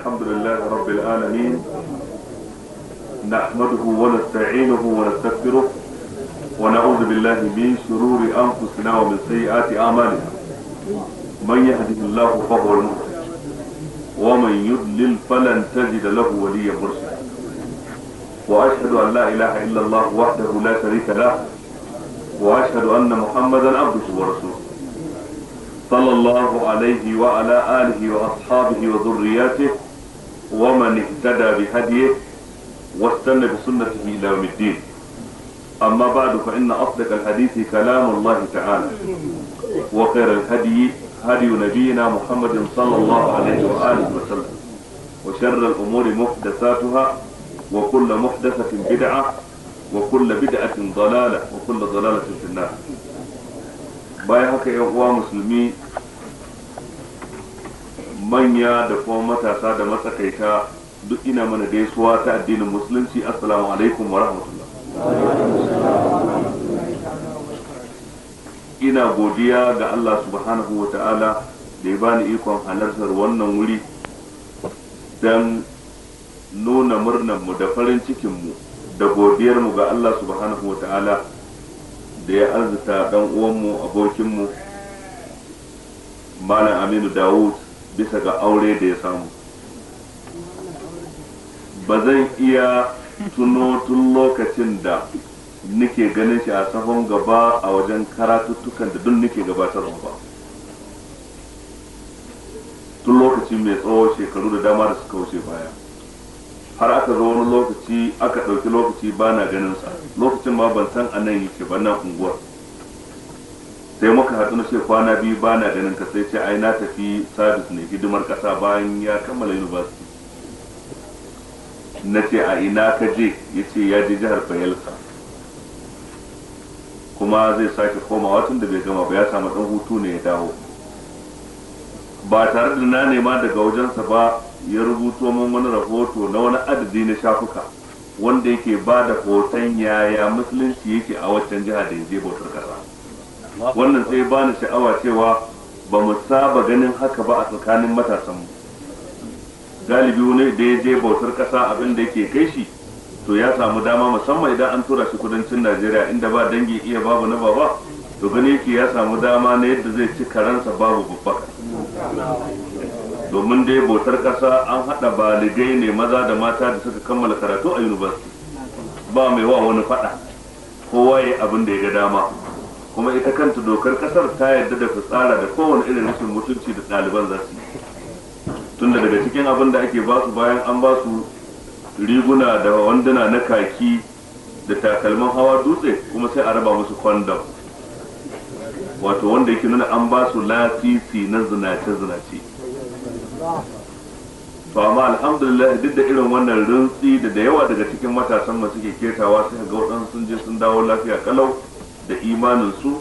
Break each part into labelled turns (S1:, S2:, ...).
S1: الحمد لله رب العالمين نحمده ونستعينه ونستغفره ونعوذ بالله من شرور انفسنا ومن سيئات اعمالنا من يهده الله فهو المهتد ومن يضلل فلن تجد له وليا مرشدا واشهد ان لا اله الا الله وحده لا شريك له واشهد ان محمدا عبده ورسوله صلى الله عليه وعلى آله وأصحابه وذرياته ومن اهتدى بهديه واستنى بسنته الى يوم الدين اما بعد فان اصدق الحديث كلام الله تعالى وخير الهدي هدي نبينا محمد صلى الله عليه واله وسلم وشر الامور محدثاتها وكل محدثه بدعه وكل بدعه ضلاله وكل ضلاله في النار باي هكا يا اخوان مسلمين manya da kuma matasa da matsakaita duk ina mana gaisuwa ta addinin musulunci assalamu alaikum wa rahmatullah ina godiya ga Allah subhanahu wa ta'ala da ya bani ikon halartar wannan wuri don nuna murnarmu da farin cikinmu da godiyarmu ga Allah subhanahu wa ta'ala da ya arzuta dan uwanmu abokinmu malam aminu dawud bisa ga aure da ya samu ba zan iya tuno tun lokacin da nike ganin shi a safon gaba a wajen karatuttukan da duk gabatar gabatarwa ba tun lokaci mai tsawo shekaru da dama da suka wuce baya har aka zo wani lokaci aka ɗauki lokaci ba na ganin sa lokacin ma ban san anan yake ba na unguwar sai muka haɗu na ce kwana biyu ba na ganin ka sai ce ai na tafi sabis ne hidimar kasa bayan ya kammala university na ce a ina ka je ya ce ya je jihar bayelsa kuma zai sake komawa tun da bai gama ba ya samu ɗan hutu ne ya dawo ba tare da na nema daga wajensa ba ya rubuto min wani rahoto na wani adadi na shafuka wanda yake ba da hoton yaya musulunci yake a waccan jihar da ya je bautar kasa wannan sai ba ni sha'awa cewa ba mu saba ganin haka ba a tsakanin matasanmu galibi wani da ya je bautar kasa abin da yake kai shi to ya samu dama musamman idan an tura shi kudancin najeriya inda ba dangi iya babu na baba to gani yake ya samu dama na yadda zai ci karansa babu babba domin dai bautar kasa an haɗa baligai ne maza da mata da suka kammala karatu a university ba mai wa wani faɗa kowa ya abin da ya ga dama kuma ita kanta dokar kasar ta yarda da fitsara da kowane irin rashin mutunci da ɗaliban za su tunda daga cikin abin da ake ba su bayan an ba su riguna da wanduna na kaki da takalman hawa dutse kuma sai a raba musu kwandam wato wanda yake nuna an ba su lasisi na zinace-zinace to amma alhamdulillah duk da irin wannan rintsi da da yawa daga cikin matasan masu ke ketawa sai ga waɗansu sun je sun dawo lafiya kalau da imanin su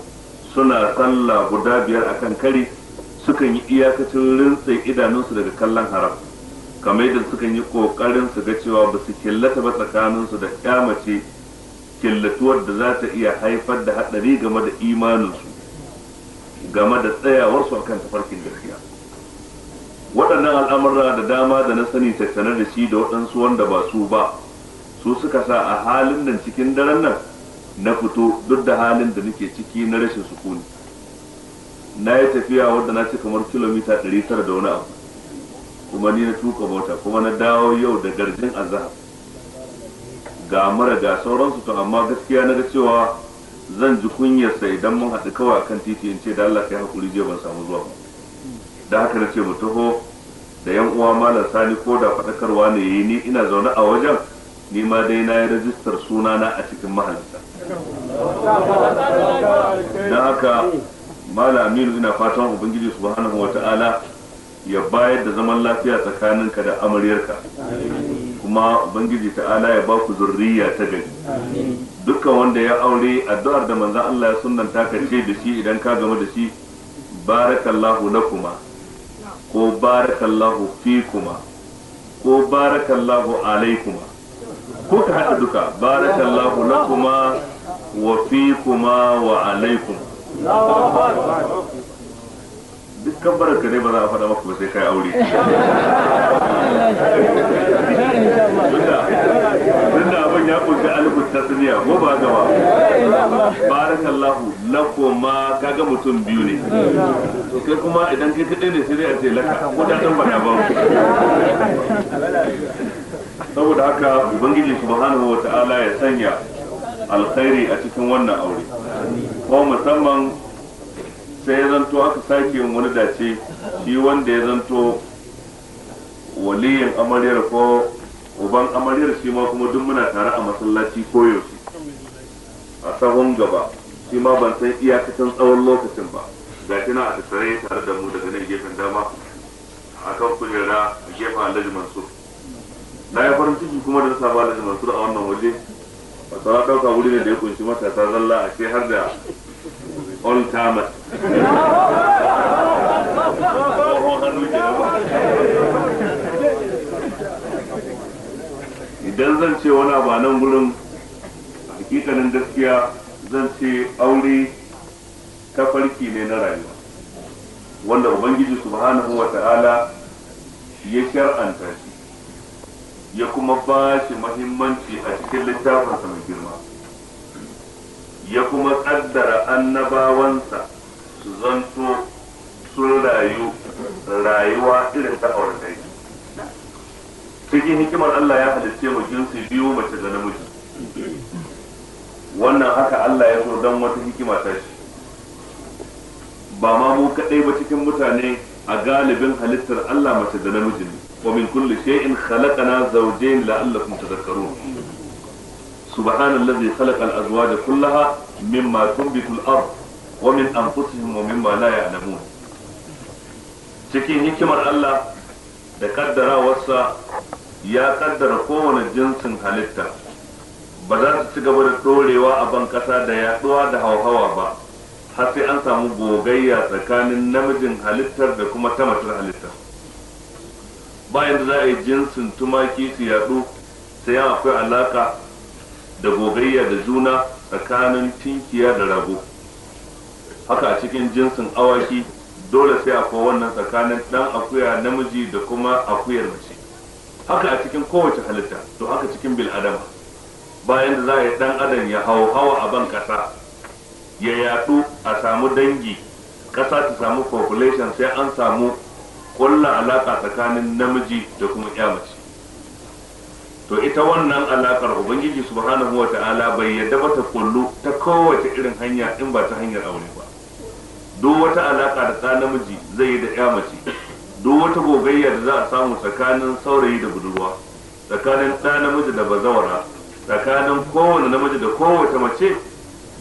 S1: suna sallah guda biyar akan kare sukan yi iyakacin rintse idanunsu daga kallon haram kamar yadda sukan yi kokarin su ga cewa ba su killata ba su da kyamace killatuwar da za ta iya haifar da haɗari game da imaninsu game da tsayawarsu akan tafarkin gaskiya waɗannan al'amurra da dama da na sani tattare da shi da waɗansu wanda ba su ba su suka sa a halin nan cikin daren nan na fito duk da halin da nake ciki na rashin sukuni na yi tafiya wadda na ci kamar kilomita 900 da wani abu kuma ni na tuka mota kuma na dawo yau da garjin azahar ga mara ga sauransu to amma gaskiya na ga cewa zan ji kunyarsa idan mun haɗu kawai a kan titi in ce da Allah kai hakuri jiya ban samu zuwa ba da haka na ce mu da yan uwa malam sani ko da faɗakarwa ne yi ni ina zaune a wajen ni ma dai na yi rajistar sunana a cikin mahalli da haka malamin ina fatan ubangiji subhanahu ta'ala ya bayar da zaman lafiya tsakaninka da amaryarka kuma ubangiji ta'ala ya baku zurriya ta gari dukkan wanda ya aure addu'ar da manzan Allah ya sunnanta ka ce da shi idan ka gama da shi barakallahu na kuma ko barakallahu fi kuma ko barakallahu alaikuma ko ka haɗa duka barakallahu lakuma wa fikuma wa alaikum dukkan baraka ne ba za a faɗa maka ba sai kai aure tunda abin ya kunshi alifin tasniya ko ba gaba barakallahu lakuma kaga mutum biyu ne to kai kuma idan kai kaɗai ne sai dai a ce laka ko da ɗan ba saboda haka ubangiji subhanahu wa ta'ala ya sanya alkhairi a cikin wannan aure ko musamman sai ya zanto aka sake wani dace shi wanda ya zanto waliyin amaryar ko uban amaryar shi ma kuma duk muna tare a masallaci koyaushe a sahun gaba shi ma ban san iyakacin tsawon lokacin ba ga shi na a tattare tare da mu daga nan gefen dama akan kujera gefen alhaji mansur na ya farin ciki kuma da saba da mansur a wannan waje a tsara ɗauka wuri ne da ya kunshi matasa zalla a ce har da all time idan zan ce wani abu a nan gurin hakikanin gaskiya zan ce aure tafarki ne na rayuwa wanda ubangiji subhanahu wa ta'ala ya shar'anta shi ya kuma ba shi mahimmanci a cikin littafinsa mai girma ya kuma tsaddara annabawansa su zanto sun rayu rayuwa irin ta aure cikin hikimar Allah ya halicce mu jinsi biyu mace da namiji wannan haka Allah ya so don wata hikima ta shi ba ma mu kaɗai ba cikin mutane a galibin halittar Allah mace da namiji ne ومن كل شيء خلقنا زوجين لعلكم تذكرون سبحان الذي خلق الأزواج كلها مما تنبت الأرض ومن أنفسهم ومما لا يعلمون cikin hikimar Allah da kaddarawarsa ya kaddara kowane jinsin halitta ba za su ci gaba da dorewa a ban ƙasa da yaɗuwa da hauhawa ba har sai an samu gogayya tsakanin namijin halittar da kuma ta halittar bayan da za a yi jinsin tumaki su yaɗu sai akwai alaka da gogayya da juna tsakanin tinkiya da rago haka a cikin jinsin awaki dole sai akwai wannan tsakanin dan akuya namiji da kuma akuyar mace haka a cikin kowace halitta to haka cikin bil adama bayan da za a yi dan adam ya hau hawa a ban kasa ya yaɗu a samu dangi kasa ta samu population sai an samu kulla alaka tsakanin namiji da kuma ya mace to ita wannan alakar ubangiji subhanahu wa ta'ala bai yadda ba ta kullu ta kowace irin hanya in ba ta hanyar aure ba duk wata alaƙa da ta namiji zai yi da ya mace duk wata gogayya da za a samu tsakanin saurayi da budurwa tsakanin ɗa namiji da bazawara tsakanin kowane namiji da kowace mace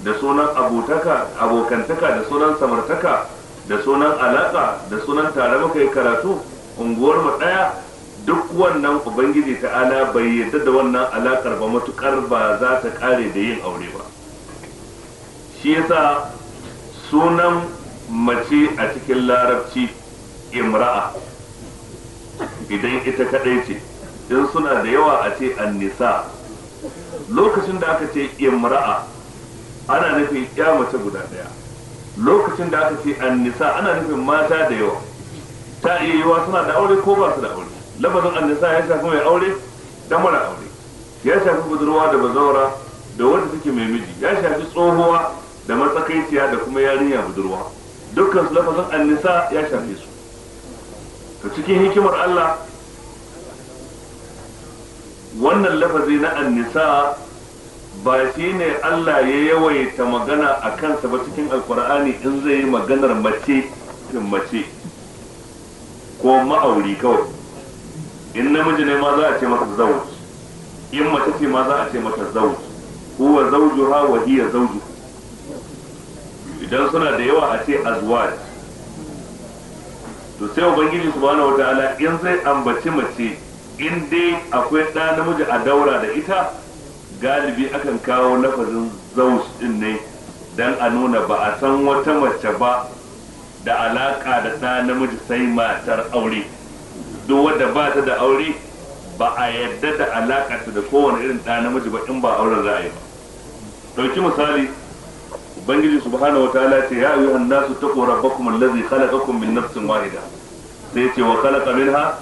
S1: da sunan abokantaka da sunan samartaka da sunan alaƙa, da sunan tare muka yi karatu unguwar mu daya duk wannan ubangiji ta'ala bai yadda da wannan alaƙar ba matuƙar ba za ta ƙare da yin aure ba shi yasa sunan mace a cikin larabci imra'a idan ita kadai ce in suna da yawa a ce Nisa, lokacin da aka ce imra'a ana nufin ya mace guda ɗaya. lokacin da aka ce annisa ana nufin mata da yawa ta iya yiwa suna da aure ko ba su da aure lafazin annisa ya shafi mai aure da mara aure ya shafi budurwa da bazawara da wanda suke mai miji ya shafi tsohuwa da matsakaiciya da kuma yarinya budurwa dukkan su lafazin annisa ya shafe su to cikin hikimar Allah wannan lafazi na annisa ba shi ne Allah ya yawaita magana a kansa ba cikin alkur'ani in zai yi maganar mace fin mace ko ma'auri kawai in namiji ne ma za a ce masa zauj in mace ce ma za a ce mata zauj huwa zaujuha wa hiya zauju idan suna da yawa a ce azwaj to sai ubangiji subhanahu wataala in zai ambaci mace in dai akwai ɗa namiji a daura da ita galibi akan kawo lafazin zaus din ne dan a nuna ba a san wata mace ba da alaka da ɗa namiji sai matar aure duk wadda ba ta da aure ba a yadda da ta da kowane irin ɗa namiji ba in ba auren za a yi ba ɗauki misali ubangiji subhanahu wataala ce ya ayyuhan nasu taqu rabbakum allazi khalaqakum min nafsin wahida sai ce wa khalaqa minha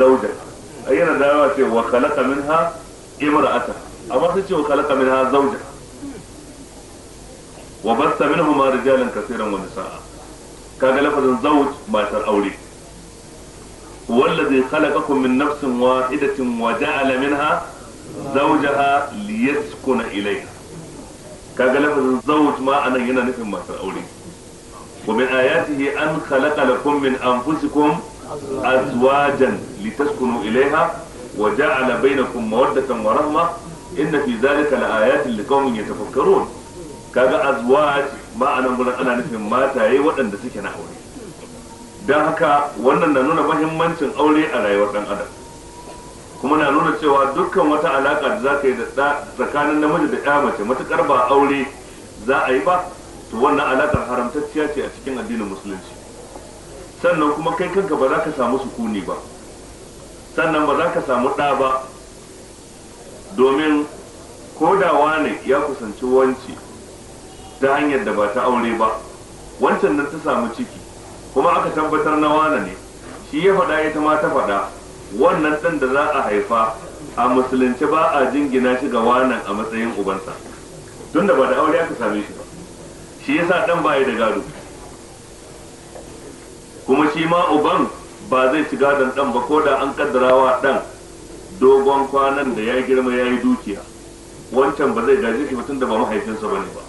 S1: zawjaha ayyana dawa ce wa khalaqa minha imra'ataha أما تشوف منها زوجة وبث منهما رجالا كثيرا ونساء كان لفظ زوج ما أولي والذي خلقكم من نفس واحدة وجعل منها زوجها ليسكن إليها كان لفظ زوج ما أنا هنا نفهم ما أولي ومن آياته أن خلق لكم من أنفسكم أزواجا لتسكنوا إليها وجعل بينكم مودة ورحمة inna fi zalika laayatin liqaumin yatafakkarun kaga azwaj ma'anan gurin ana nufin mataye waɗanda suke na aure dan haka wannan na nuna mahimmancin aure a rayuwar dan adam kuma na nuna cewa dukkan wata alaka da za ka yi da tsakanin namiji da ya mace matukar ba aure za a yi ba to wannan alakar haramtacciya ce a cikin addinin musulunci sannan kuma kai kanka ba za ka samu sukuni ba sannan ba za ka samu ɗa ba domin ko da wane ya kusanci wance ta hanyar da ba ta aure ba wancan nan ta samu ciki kuma aka tabbatar na wane ne shi ya faɗa ita ma ta faɗa wannan ɗan da za a haifa a musulunci ba a jingina shi ga wanan a matsayin ubansa tun da ba da aure aka same shi ba shi yasa ɗan ya da gado kuma shi ma uban ba zai ci gadon ɗan ba ko da an kaddarawa ɗan dogon kwanan da ya girma ya yi dukiya wancan ba zai gaji shi mutum da ba mahaifinsa ba ne ba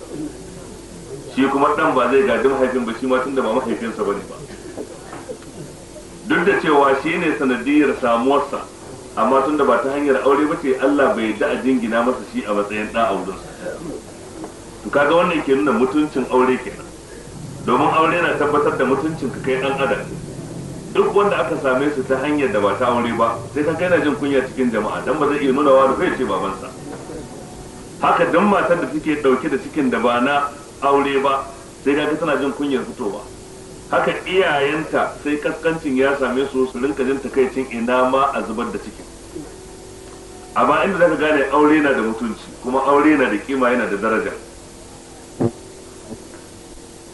S1: shi kuma dan ba zai gaji mahaifin ba shi ma tun da ba mahaifinsa ba ne ba duk da cewa shi ne sanadiyar samuwarsa amma tun da ba ta hanyar aure ba ce Allah bai yarda a jingina masa shi a matsayin ɗan aurensa to kaga wannan ke nuna mutuncin aure kenan domin aure na tabbatar da mutuncin ka kai ɗan adam duk wanda aka same su ta hanyar da ba ta aure ba sai ka kaina jin kunya cikin jama'a dan ba zai iya nuna wa da ce babansa haka dan matar da take dauke da cikin da ba na aure ba sai ka tana jin kunyar fitowa haka iyayenta sai kaskancin ya same su su rinka jin takaicin ina ma a zubar da cikin amma inda zaka gane aure na da mutunci kuma aure na da kima yana da daraja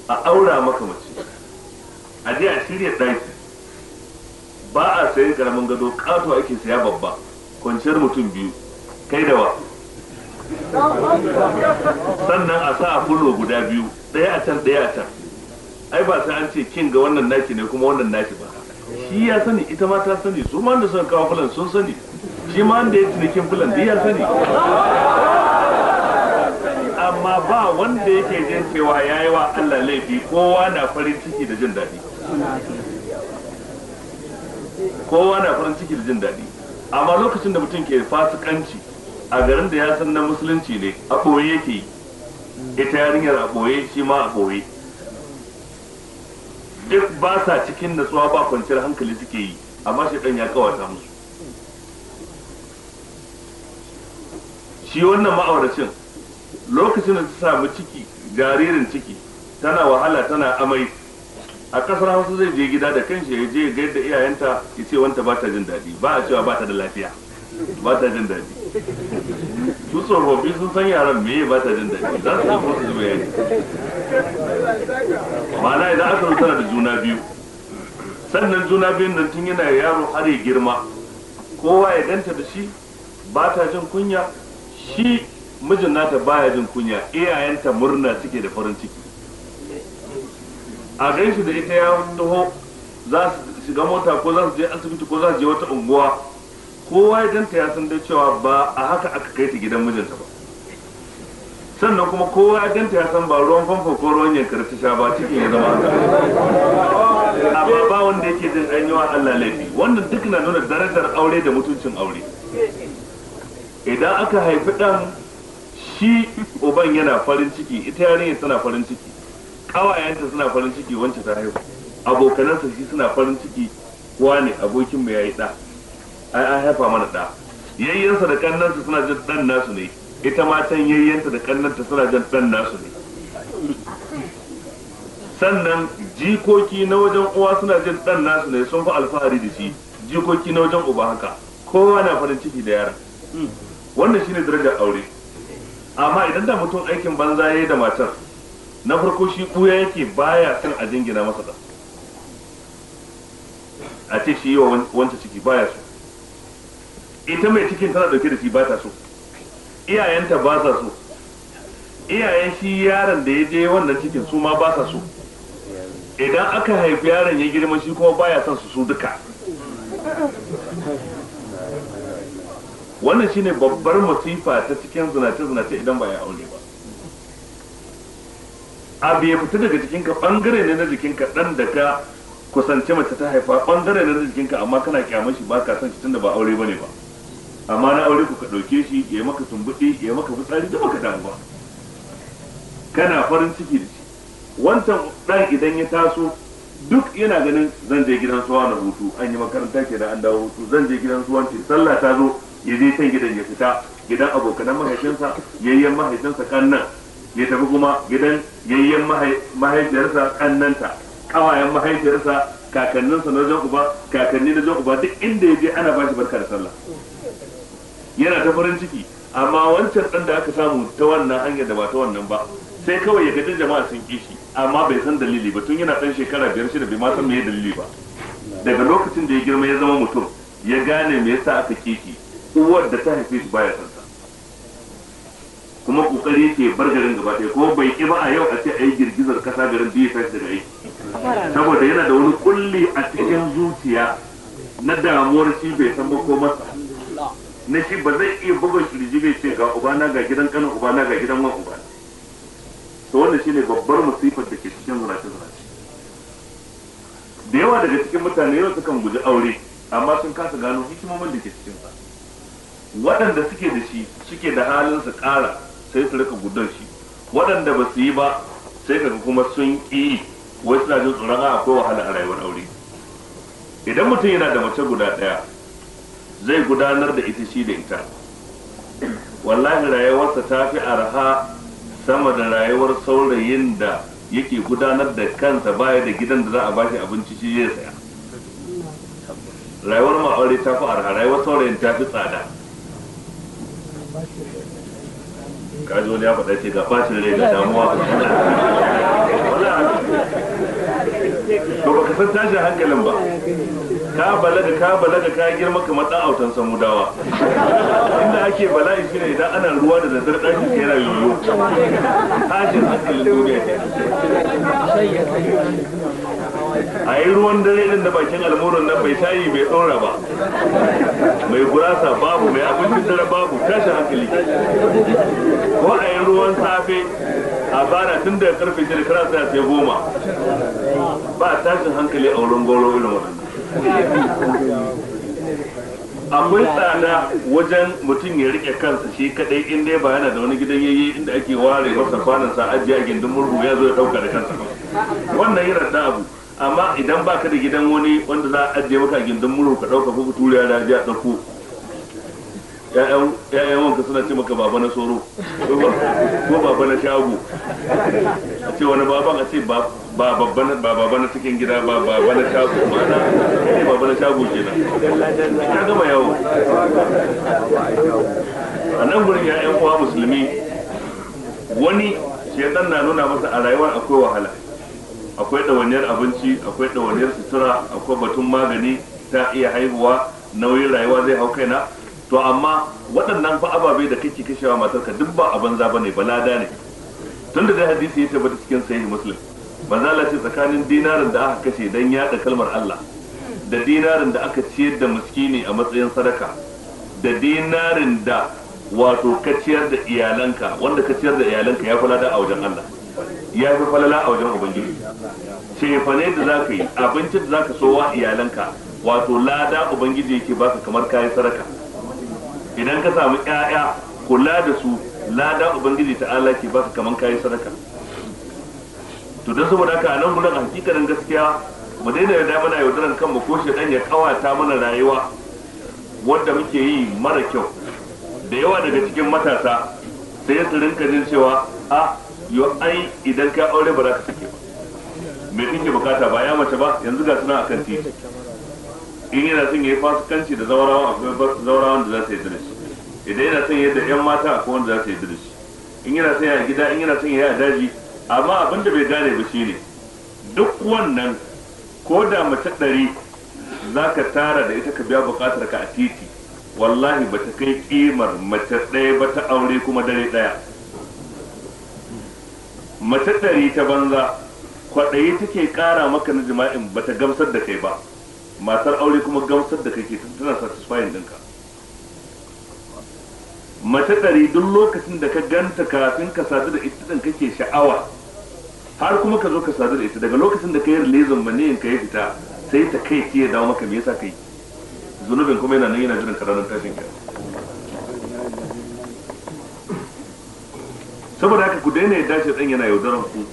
S1: a aura maka mace a je a shirya daki ba a sayi karamin gado kato ake saya babba kwanciyar mutum biyu kai da wa sannan a sa a fulo guda biyu ɗaya a can ɗaya a can ai ba sai an ce kin ga wannan naki ne kuma wannan naki ba shi ya sani ita ma ta sani su ma da suka kawo fulan sun sani shi ma da ya cinikin fulan da ya sani amma ba wanda yake jin cewa yayi wa Allah laifi kowa na farin ciki da jin daɗi kowa na farin ciki da jin daɗi amma lokacin da mutum ke fasikanci a garin da ya san na musulunci ne a ɓoye yake yi ita yarinyar a ɓoye shi ma a ɓoye duk ba sa cikin natsuwa ba kwanciyar hankali suke yi amma shi ɗan ya kawata musu shi wannan ma'auracin lokacin da ta samu ciki jaririn ciki tana wahala tana amai a kasar hausa zai je gida da kanshi ya je ga yadda iyayenta ya ce wanta ba ta jin daɗi ba a cewa ba ta da lafiya ba ta jin daɗi su tsofaffi sun san yaran meye ba ta jin daɗi za su samu su bayani
S2: ma'ana idan aka tana
S1: da juna biyu sannan juna biyun nan tun yana yaro har ya girma kowa ya danta da shi ba ta jin kunya shi mijin nata baya jin kunya iyayenta murna suke da farin ciki a gan shi da ita ya taho za su shiga mota ko za su je asibiti ko za su je wata unguwa kowa ya ganta ya san dai cewa ba a haka aka kai ta gidan mijinta ba sannan kuma kowa ya ganta ya san ba ruwan famfo ko ruwan yankar ta sha ba cikin ya zama amma ba wanda yake jin an yi Allah laifi wannan duk na nuna darajar aure da mutuncin aure idan aka haifi dan shi uban yana farin ciki ita yarinya tana farin ciki kawayenta suna farin ciki wancan ta haihu abokanansa shi suna farin ciki wane abokin ya yayi da ai an haifa mana da yayyansa da kannansa suna jin dan nasu ne ita ma can yayyanta da kannanta suna jin dan nasu ne sannan jikoki na wajen uwa suna jin dan nasu ne sun fi alfahari da shi jikoki na wajen uba haka kowa na farin ciki da yaran wannan shine darajar aure amma idan da mutum aikin banza yayi da matar na farko shi ɓuya yake baya son a jingina masa da a ce shi yi wa wancan ciki baya so ita mai cikin tana dauke da shi ba ta so iyayenta ba sa so iyayen shi yaron da ya je wannan cikin su ma ba sa so idan aka haifi yaron ya girma shi kuma baya son su su duka wannan shine babbar masifa ta cikin zinace-zinace idan ba ya aure ba a fita daga jikinka bangare ne na jikinka dan da ka kusance mace ta haifa bangare ne na jikinka amma kana kyamar shi ba ka san shi tunda ba aure bane ba amma na aure ku ka dauke shi ya maka tumbuɗe ya maka fitsari da maka damu ba kana farin ciki da shi wancan dan idan ya taso duk yana ganin zan je gidan suwa na hutu an yi makaranta ke da an dawo hutu zan je gidan suwa ce sallah ta zo ya je can gidan ya fita gidan abokanan mahaifinsa yayyen mahaifinsa kan nan ya tafi kuma gidan yayyen mahaifiyarsa kannanta kawayen mahaifiyarsa kakanninsa na wajen uba kakanni na wajen uba duk inda ya je ana bashi barka da sallah yana ta farin ciki amma wancan dan da aka samu ta wannan hanyar da ba ta wannan ba sai kawai ya gadin jama'a sun kishi amma bai san dalili ba tun yana dan shekara biyar shida bai ma san meye dalili ba daga lokacin da ya girma ya zama mutum ya gane me yasa aka shi uwar da ta haife shi baya san kuma kokari ke bar garin gaba ɗaya kuma bai ki ba a yau a ce a yi girgizar kasa garin biyu sai da aiki
S2: saboda yana da wani
S1: kulli a cikin zuciya na damuwar shi bai san ba ko masa na shi ba zai iya bugun kirji bai ce ga ubana ga gidan kanin ubana ga gidan wan ubana to wannan shine babbar musifar da ke cikin zurace zurace da yawa daga cikin mutane yau sukan guji aure amma sun kasa gano hikimomin da ke cikin sa waɗanda suke da shi suke da halin su ƙara sai su rika gudun shi waɗanda ba su yi ba sai kaga kuma sun ƙi wai suna jin tsoron a akwai wahala a rayuwar aure idan mutum yana da mace guda ɗaya zai gudanar da ita shi da ita wallahi rayuwarsa ta fi arha sama da rayuwar saurayin da yake gudanar da kansa baya da gidan da za a bashi abinci shi zai saya rayuwar ma'aure ta fi arha rayuwar saurayin ta fi tsada kaji wani ya faɗa ce ga fashin rai ga damuwa to ka san tashin hankalin ba ka balaga ka balaga ka girma kamar dan autan samudawa inda ake bala'i shine idan ana ruwa da daddare ɗakin ka yana yoyo tashin hankalin duniya a yi ruwan dare din da bakin almuran nan bai shayi bai ɗora ba mai gurasa babu mai abincin dare babu tashin hankali ko a yi ruwan safe a fara tun da karfe shida kara sai sai goma ba tashin hankali a wurin goro irin wannan akwai tsada wajen mutum ya rike kansa shi kadai in dai ba yana da wani gidan yayi inda ake ware masa kwanansa ajiya gindin murhu ya zo ya dauka da
S2: kansa
S1: wannan yi da abu amma idan baka da gidan wani wanda za a ajiye maka gindin muro ka dauka ko turiya da ajiya dauko ya'yan wanka suna ce maka baba na soro ko baba na shago a ce wani baban a ce ba baba na cikin gida ba baba na shago ba na ne baba na shago kenan ya gama yawo a nan gurin ya'yan uwa musulmi wani shedan na nuna masa a rayuwar akwai wahala akwai ɗawainiyar abinci akwai ɗawainiyar sutura akwai batun magani ta iya haihuwa nauyin rayuwa zai hau kaina to amma waɗannan fa ababe da kake kashewa matarka duk ba a banza bane balada ne tunda dai hadisi ya tabbata cikin sahih muslim la ce tsakanin dinarin da aka kashe dan yada kalmar Allah da dinarin da aka ciyar da miskini a matsayin sadaka da dinarin da wato kaciyar da iyalanka wanda ka ciyar da iyalanka ya kula da a wajen Allah ya fi falala a wajen ubangiji cefane da za ka yi abincin da za ka so sowa iyalanka wato lada ubangiji yake baka kamar kayan saraka idan ka samu 'ya'ya kula da su lada ubangiji ta'ala ke baka kamar kayan saraka to don saboda haka a nan gudun a gaskiya mu daina yarda mana yaudaran kanmu ko shi dan ya kawata mana rayuwa wanda muke yi mara kyau da yawa daga cikin matasa sai su rinka jin cewa a ah, yo ai idan ka aure ba za ka sake ba me kike bukata ba ya mace ba yanzu ga suna akan titi in yana son ya yi fasikanci da zaurawan akwai zaurawan da za su yi da shi idan yana son yadda da yan mata akwai wanda za su yi da shi in yana son ya yi gida in yana son ya yi a daji amma abin da bai gane ba shine duk wannan ko da mace ɗari za ka tara da ita ka biya bukatar ka a titi wallahi ba ta kai kimar mace ɗaya ba ta aure kuma dare ɗaya mace ɗari ta banza kwaɗayi take ƙara maka na jima'in bata ta gamsar da kai ba matar aure kuma gamsar da kake tana satisfying ɗinka mace ɗari duk lokacin da ka ganta kafin ka sadu da ita ɗin kake sha'awa har kuma ka zo ka sadu da ita daga lokacin da ka yi rilizin maniyin ka ya fita sai ta kai ya dawo maka me yasa kai zunubin kuma yana nan yana jiran ka ranar tashin ka saboda haka ku daina yadda shi dan yana yaudaran ku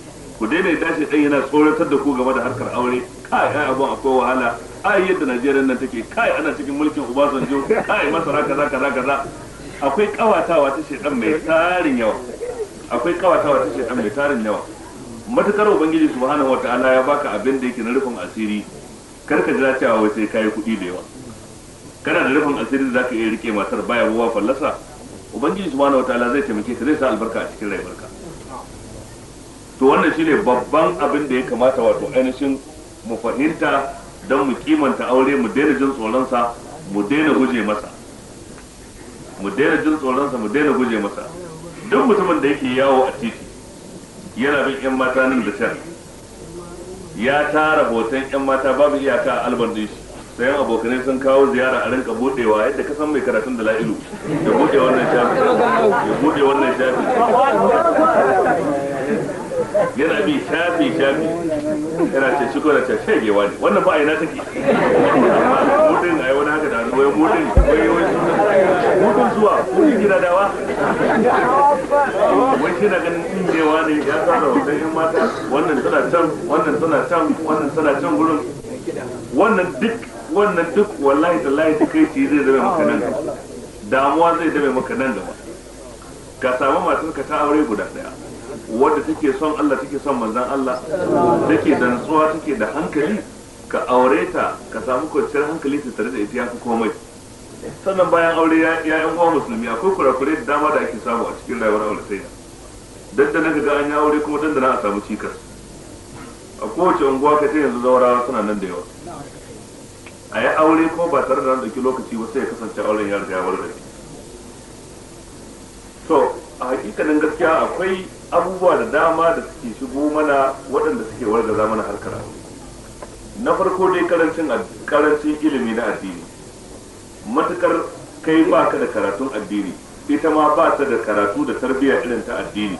S1: ku daina yadda shi dan yana tsoratar da ku game da harkar aure kai ai abun akwai wahala ai yadda Najeriya nan take kai ana cikin mulkin Obasanjo kai masara kaza kaza kaza akwai kawatawa ta shedan mai tarin yawa akwai kawatawa ta shedan mai tarin yawa matukar ubangiji subhanahu wataala ya baka abin da yake na rufin asiri karka jira cewa wai sai kai kudi da yawa kana da rufin asiri da zaka iya rike matar baya ruwa fallasa ubangiji subhanahu wataala zai taimake ka zai sa albarka a cikin rayuwarka to wannan shine babban abin da ya kamata wato ainihin mu fahimta don mu kimanta aure mu daina jin tsoronsa mu daina guje masa mu daina jin tsoronsa mu daina guje masa duk mutumin da yake yawo a titi yana bin yan mata nan da can ya tara hoton yan mata babu iyaka a alban din shi sai yan abokanai sun kawo ziyara a rinka budewa yadda ka san mai karatun da la'ilu ya bude wannan shafi ya bude wannan shafi yana bi shafi shafi yana ce shi ko ce shege wani wannan ba a ina take mutum a yi wani haka da hannu wani mutum wai wai mutum zuwa mutum gina dawa wani shi na ganin injewa ne ya tsara wajen yan mata wannan tana can wannan tana can wannan tana can gurin wannan duk wannan duk wallahi da kai zai zame maka nan gaba oh, damuwa zai zame maka nan gaba ka samu matar ka ta aure guda daya wadda take son Allah take son manzon Allah oh. take da nutsuwa take da hankali ka aure ta ka samu kwanciyar hankali ta tare da ita ya fi komai sannan bayan aure ya yan uwa musulmi akwai kurakure da dama da ake samu a cikin rayuwar aure sai dan da naga an ya aure kuma dandana a samu cikas a kowace unguwa ka ta yanzu zaurawa suna nan da yawa a yi aure ko ba tare da nan dauki lokaci ba sai ya kasance auren ya riga warware to a hakikanin gaskiya akwai abubuwa da dama da suke shigo mana waɗanda suke za mana harkar aure na farko dai karancin karancin ilimi na addini matukar kai ba ka da karatun addini ita ma ba ta da karatu da tarbiyya irin ta addini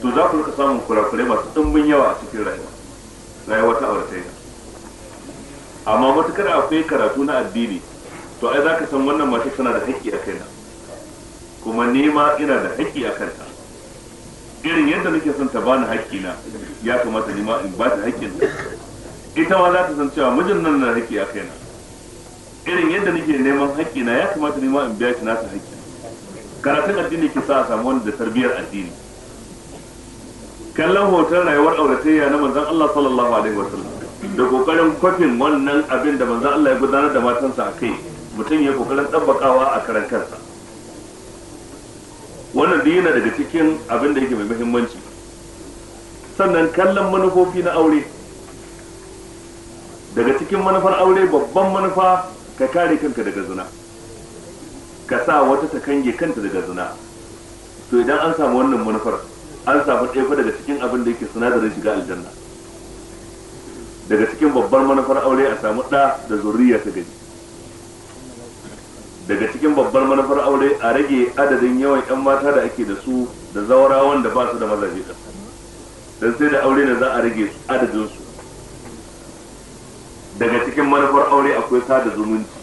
S1: to za ku rika samun kurakurai masu ɗumbin yawa a cikin rayuwa rayuwa ta ta amma matukar akwai karatu na addini to ai za ka san wannan mace tana da haƙƙi a kaina kuma nema ina da haƙƙi a kanta irin yadda nake son ta bani haƙƙina ya kamata nema in ba ta haƙƙin ta ita ma za ta san cewa mijin nan na haƙƙi a kaina irin yadda nake neman haƙƙina ya kamata nema in biya shi nasa haƙƙi karatun addini ke sa a samu wani da tarbiyyar addini kallon hoton rayuwar auratayya na manzon Allah sallallahu alaihi wasallam da kokarin kwafin wannan abin da manzon Allah ya gudanar da matansa a kai mutum ya kokarin tabbakawa a karan kansa wannan duk yana daga cikin abin da yake mai muhimmanci sannan kallon manufofi na aure daga cikin manufar aure babban manufa ka kare kanka daga zina ka sa wata ta kange kanta daga zina to idan an samu wannan manufar an samu ɗaya daga cikin abin da yake sinadarin shiga aljanna daga cikin babbar manufar aure a samu ɗa da zuriya ta gani daga cikin babbar manufar aure a rage adadin yawan 'yan mata da ake da su da zaurawan da ba su da mazaje da don sai da aure ne za a rage adadin su daga cikin manufar aure akwai sada zumunci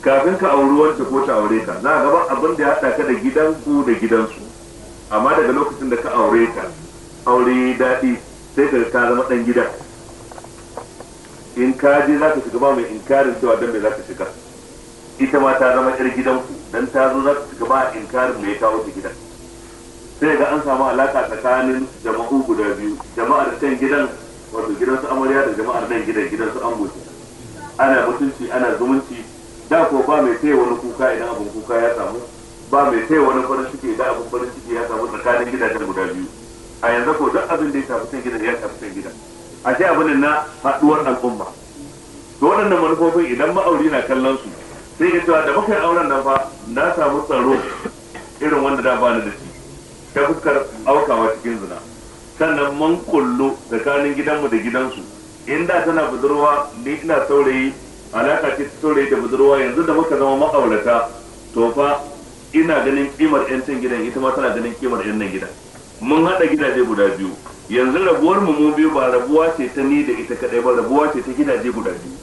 S1: kafin ka auri wance ko ta aure ka za a gaban abin da ya haɗa ka da gidanku da gidansu amma daga lokacin da ka aure ka aure daɗi sai ka ta zama ɗan gida in ka je za ka shiga ba mai inkarin cewa dan mai za ka shiga ita ma ta zama yar gidanku dan ta zo za ka shiga ba inkarin mai kawo ta gidan sai ga an samu alaka tsakanin jama'u guda biyu jama'ar can gidan wato gidan su amarya da jama'ar nan gidan gidan su ango ana mutunci ana zumunci da ko ba mai taya wani kuka idan abin kuka ya samu ba mai taya wani farin ciki idan abin farin ciki ya samu tsakanin gidajen guda biyu a yanzu ko duk abin da ya tafi san gidan ya tafi san gidan a ce abin na haɗuwar al'umma to waɗannan manufofin idan ma'auri na kallon su sai ka cewa da muka auren nan fa na samu tsaro irin wanda da bani da shi ta fuskar aukawa cikin zina sannan mun kullu tsakanin gidanmu da gidansu in da tana budurwa ni ina saurayi alaka ce ta saurayi da budurwa yanzu da muka zama ma'aurata to fa ina ganin kimar 'yancin gidan ita ma tana ganin kimar 'yan nan gidan mun haɗa gidaje guda biyu yanzu rabuwar mu mun biyu ba rabuwa ce ta ni da ita kadai ba rabuwa ce ta gidaje guda biyu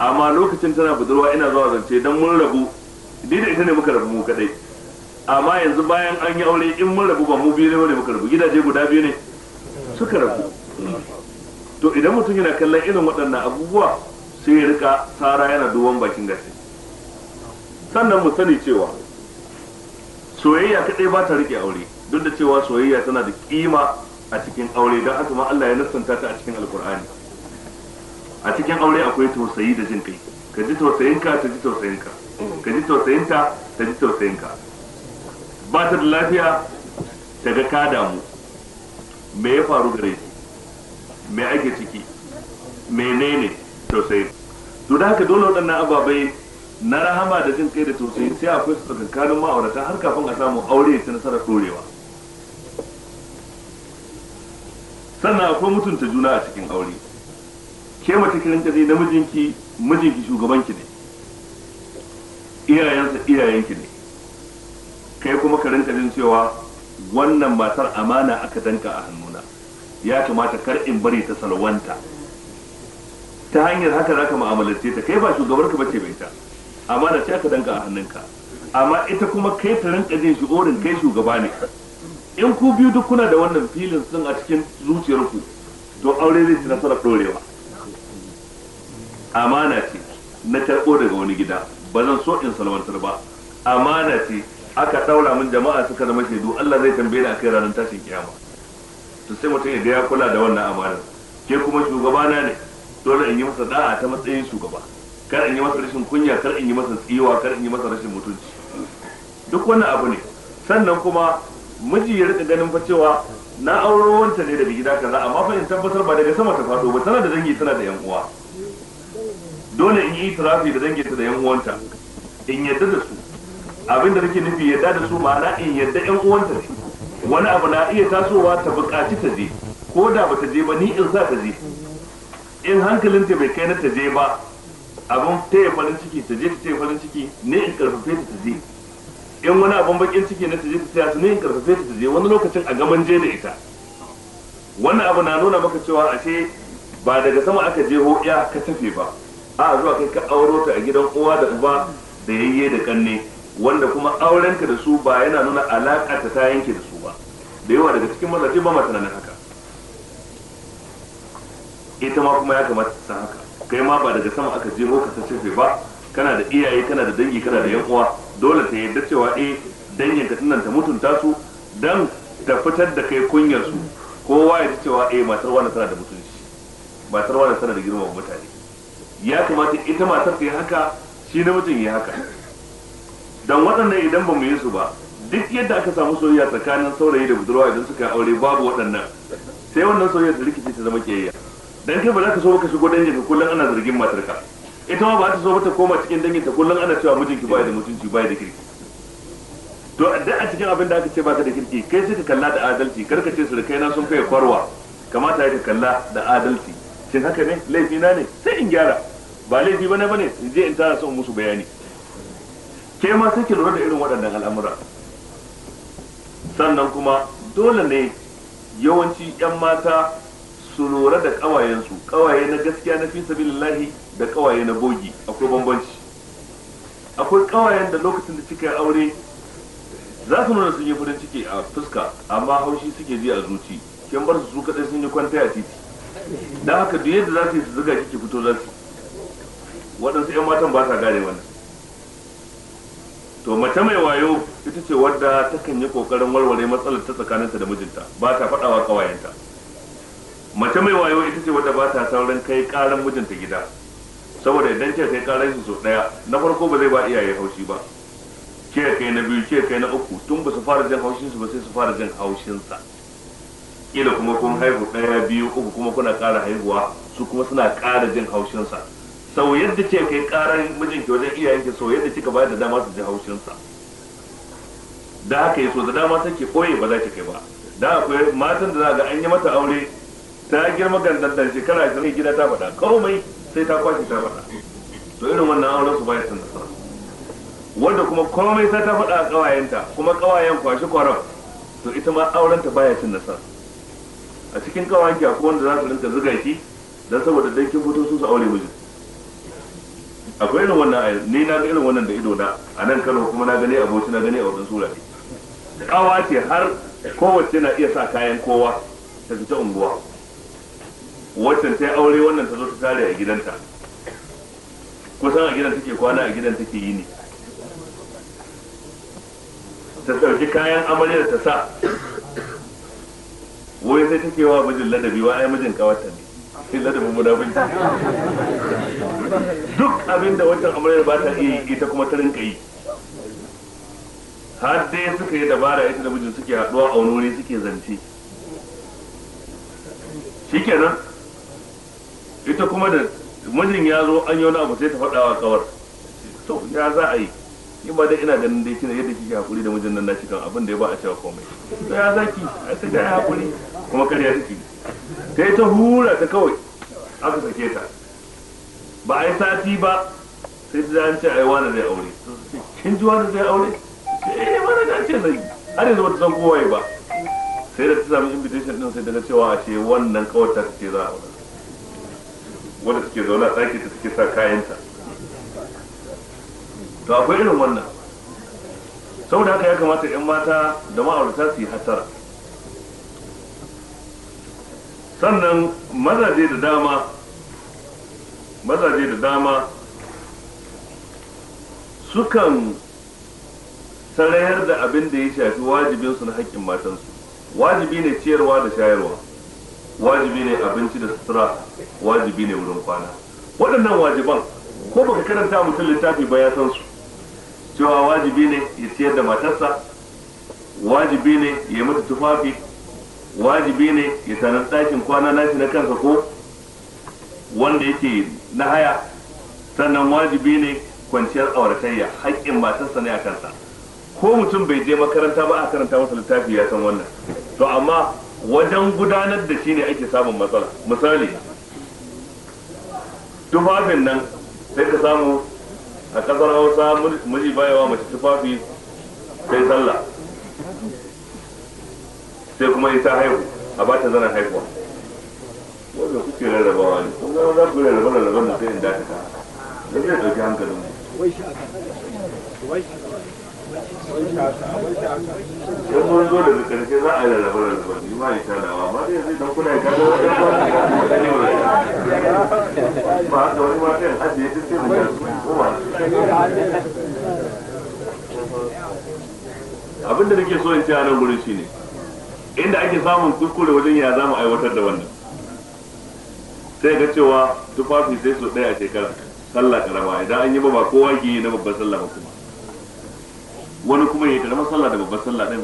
S1: amma lokacin tana budurwa ina zuwa zance dan mun rabu ni da ita ne muka rabu mu kadai amma yanzu bayan an yi aure in mun rabu ba mu biyu ne ne muka rabu gidaje guda biyu ne suka rabu to idan mutum yana kallon irin waɗannan abubuwa sai ya rika tsara yana duban bakin gashi sannan mu sani cewa soyayya kadai ba ta rike aure duk da cewa soyayya tana da kima a cikin aure don haka ma Allah ya nasanta ta a cikin alkur'ani a cikin aure akwai tausayi da jin kai ka ji tausayinka ta ji tausayinka ka ji tausayinta ta ji tausayinka ba ta da lafiya ta ga ka damu me ya faru gare shi me ake ciki menene tausayin to da haka dole waɗannan ababai na rahama da jin kai da tausayi sai akwai su tsakankanin ma'aurata har kafin a samu aure ta nasarar ɗorewa sannan akwai mutunta juna a cikin aure ke mace kiran kaje na mijinki mijinki shugabanki ne iyayensa iyayenki ne kai kuma ka rinka jin cewa wannan matar amana aka danka a hannuna ya kamata kar in bari ta salwanta ta hanyar haka za ka mu'amalance ta kai ba shugabar ka bace bai ta amana ce aka danka a hannunka amma ita kuma kai ta rinka jin shi'orin kai shugaba ne in ku biyu duk kuna da wannan filin sun a cikin zuciyarku to aure zai ci nasarar ɗorewa amana ce na tarko daga wani gida ba zan so in salwantar ba amana ce aka ɗaura min jama'a suka zama shaidu Allah zai tambaye ni kai ranar tashin kiyama to sai mutum ya kula da wannan amanar ke kuma shugabana ne dole in yi masa da'a ta matsayin shugaba kar in yi masa rashin kunya kar in yi masa tsiwa kar in yi masa rashin mutunci duk wannan abu ne sannan kuma miji ya rika ganin fa cewa na auro wanta ne daga gida kaza amma fa in tabbatar ba daga sama ta fado ba tana da dangi tana da yan uwa dole in yi trafi da dangi ta da yan uwanta in yadda da su abin da nake nufi yadda da su ma'ana in yadda yan uwanta ne wani abu na iya tasowa ta buƙaci ta je ko da bata je ba ni in sa ta je in hankalinta bai kai na ta je ba abin taya farin ciki ta je ta taya farin ciki ne in karfafe ta ta je in wani abin bakin ciki na ta je ta taya su ne in karfafe ta ta je wani lokacin a gaban je da ita wannan abu na nuna maka cewa ashe ba daga sama aka je ho ya ka tafe ba a zuwa kai ka auro ta a gidan uwa da uba da yayye da kanne wanda kuma aurenka da su ba yana nuna alaƙa ta ta yanke da su ba da yawa daga cikin mazaje ba ma na haka ita ma kuma ya kamata ta san haka kai ma ba daga sama aka jiro ka tafi ba kana da iyaye kana da dangi kana da 'yan'uwa dole ta yadda cewa eh dangin ka tunan ta mutunta su dan ta fitar da kai kunyar su kowa ya cewa eh matar wani tana da mutunci matar wani tana da girman mutane ya kamata ita matar ta yi haka shi namijin ya haka dan waɗannan idan ba mu yi su ba duk yadda aka samu soyayya tsakanin saurayi da budurwa idan suka aure babu waɗannan sai wannan soyayya da rikici ta zama kiyayya dan kai ba za ka so ka shigo dangin kullum ana zargin matarka ita ma ba ta so ba ta koma cikin danginta kullum ana cewa mijinki ya da mutunci ya da kirki to da a cikin abin da aka ce ba ta da kirki kai sai ka kalla da adalci kar ka ce su kai na sun kai farwa kamata ya ka kalla da adalci shin haka ne laifi na ne sai in gyara ba laifi ba bane bane in je in tara son musu bayani ke ma sai ki lura da irin waɗannan al'amura sannan kuma dole ne yawanci 'yan mata su lura da kawayensu kawaye na gaskiya na fi sabilillahi da kawaye na bogi akwai bambanci akwai kawayen da lokacin da kika aure za su nuna sun yi farin ciki a fuska amma haushi suke ji a zuci kin bar su su kadai sun yi kwanta a titi na haka duk yadda za su yi su zuga kike fito za su waɗansu 'yan matan ba sa gane wannan to mace mai wayo ita ce wadda takan yi kokarin warware matsalar ta tsakaninta da mijinta ba ta faɗawa kawayenta mace mai wayo ita ce wadda ba ta saurin kai karan mijinta gida saboda idan ce kai karan su sau daya na farko ba zai ba iyaye haushi ba ke kai na biyu ce kai na uku tun ba su fara jin haushin su ba sai su fara jin haushin sa kila kuma kun haihu daya biyu uku kuma kuna kara haihuwa su kuma suna kara jin haushin sa sau yadda ce kai karan mijinki wajen iyayenki sau yadda kika bayar da dama su ji haushin sa da haka yi so da dama take koye ba za ki kai ba da akwai matan da za ga an yi mata aure ta girma gandaddan shekara ta gida ta faɗa komai sai ta kwashe ta faɗa to irin wannan auren su baya sun nasara wanda kuma komai sai ta faɗa a ƙawayenta kuma ƙawayen kwashi kwaram to ita ma auren ta baya cin nasara a cikin ƙawayen ki akwai wanda za su rinka zuga ki dan saboda dan kin fito su su aure miji akwai irin wannan ni na ga irin wannan da ido na a nan Kano kuma na gani aboki na gani a wannan sura ƙawa ce har kowace na iya sa kayan kowa ta fita unguwa waccan ta aure wannan ta zo ta tare a gidanta kusan a gidan take kwana a gidan take yi ne ta sauki kayan amaryar ta sa wai sai take wa mijin ladabi wa ai mijin kawata ne sai ladabin munafunci duk abin da wancan amaryar ba ta iya yi ita kuma ta rinka yi har dai suka yi dabara ita da mijin suke haɗuwa a wani wuri suke zance shikenan ita kuma da mijin ya zo an yi wani abu sai ta faɗa wa kawar to ya za a yi ni ba dai ina ganin dai kina yadda kike hakuri da mijin nan nashi kan abin da ya ba a cewa komai to ya zaki ai ta ga hakuri kuma kariya take ta ta hura ta kawai aka sake ta ba a yi sati ba sai ta an ce ai wani zai aure kin ji wani zai aure eh na da ce zai har yanzu bata san kowa ba sai da ta samu invitation din sai daga cewa a ce wannan kawai ta ce za a aure wanda suke zaune a tsaki ta suke sa kayanta to akwai irin wannan saboda haka ya kamata 'yan mata da ma'aurata su yi hatara sannan mazaje da dama mazaje da dama sukan sarayar da abin da ya shafi wajibinsu na haƙƙin matansu wajibi ne ciyarwa da shayarwa wajibi ne abinci da sutura wajibi ne wurin kwana waɗannan wajiban ko baka karanta mutum littafi ba ya san su cewa wajibi ne ya ciyar da matarsa wajibi ne ya mata tufafi wajibi ne ya sanar ɗakin kwana nashi na kansa ko wanda yake na haya sannan wajibi ne kwanciyar auratayya haƙƙin matarsa ne a kansa ko mutum bai je makaranta ba a karanta masa littafi ya san wannan to amma wajen gudanar da shi ne ake samun matsala misali tufafin nan sai ka samu a kasar hausa miji bayawa mace tufafi sai sallah sai kuma ita haihu a ba ta zanen haihuwa wanda kuke rarrabawa ne kuma zama za ku yi rarraba rarraban da sai in dakata da zai ɗauki hankalin mu in mun zo daga karshe za a yi lalaba lalaba ni ma insha Allah amma dai yanzu dan kuna ka da wani ba ba da wani ma kai haji ya tace mu ya abin da nake so in ce a nan gurin shine inda ake samun kuskure wajen ya zamu aiwatar da wannan sai ga cewa tufafi sai su ɗaya a shekara sallah karama idan an yi ba ba kowa ke yi na babban sallah ba kuma wani kuma ya karama sallah da babbar sallah din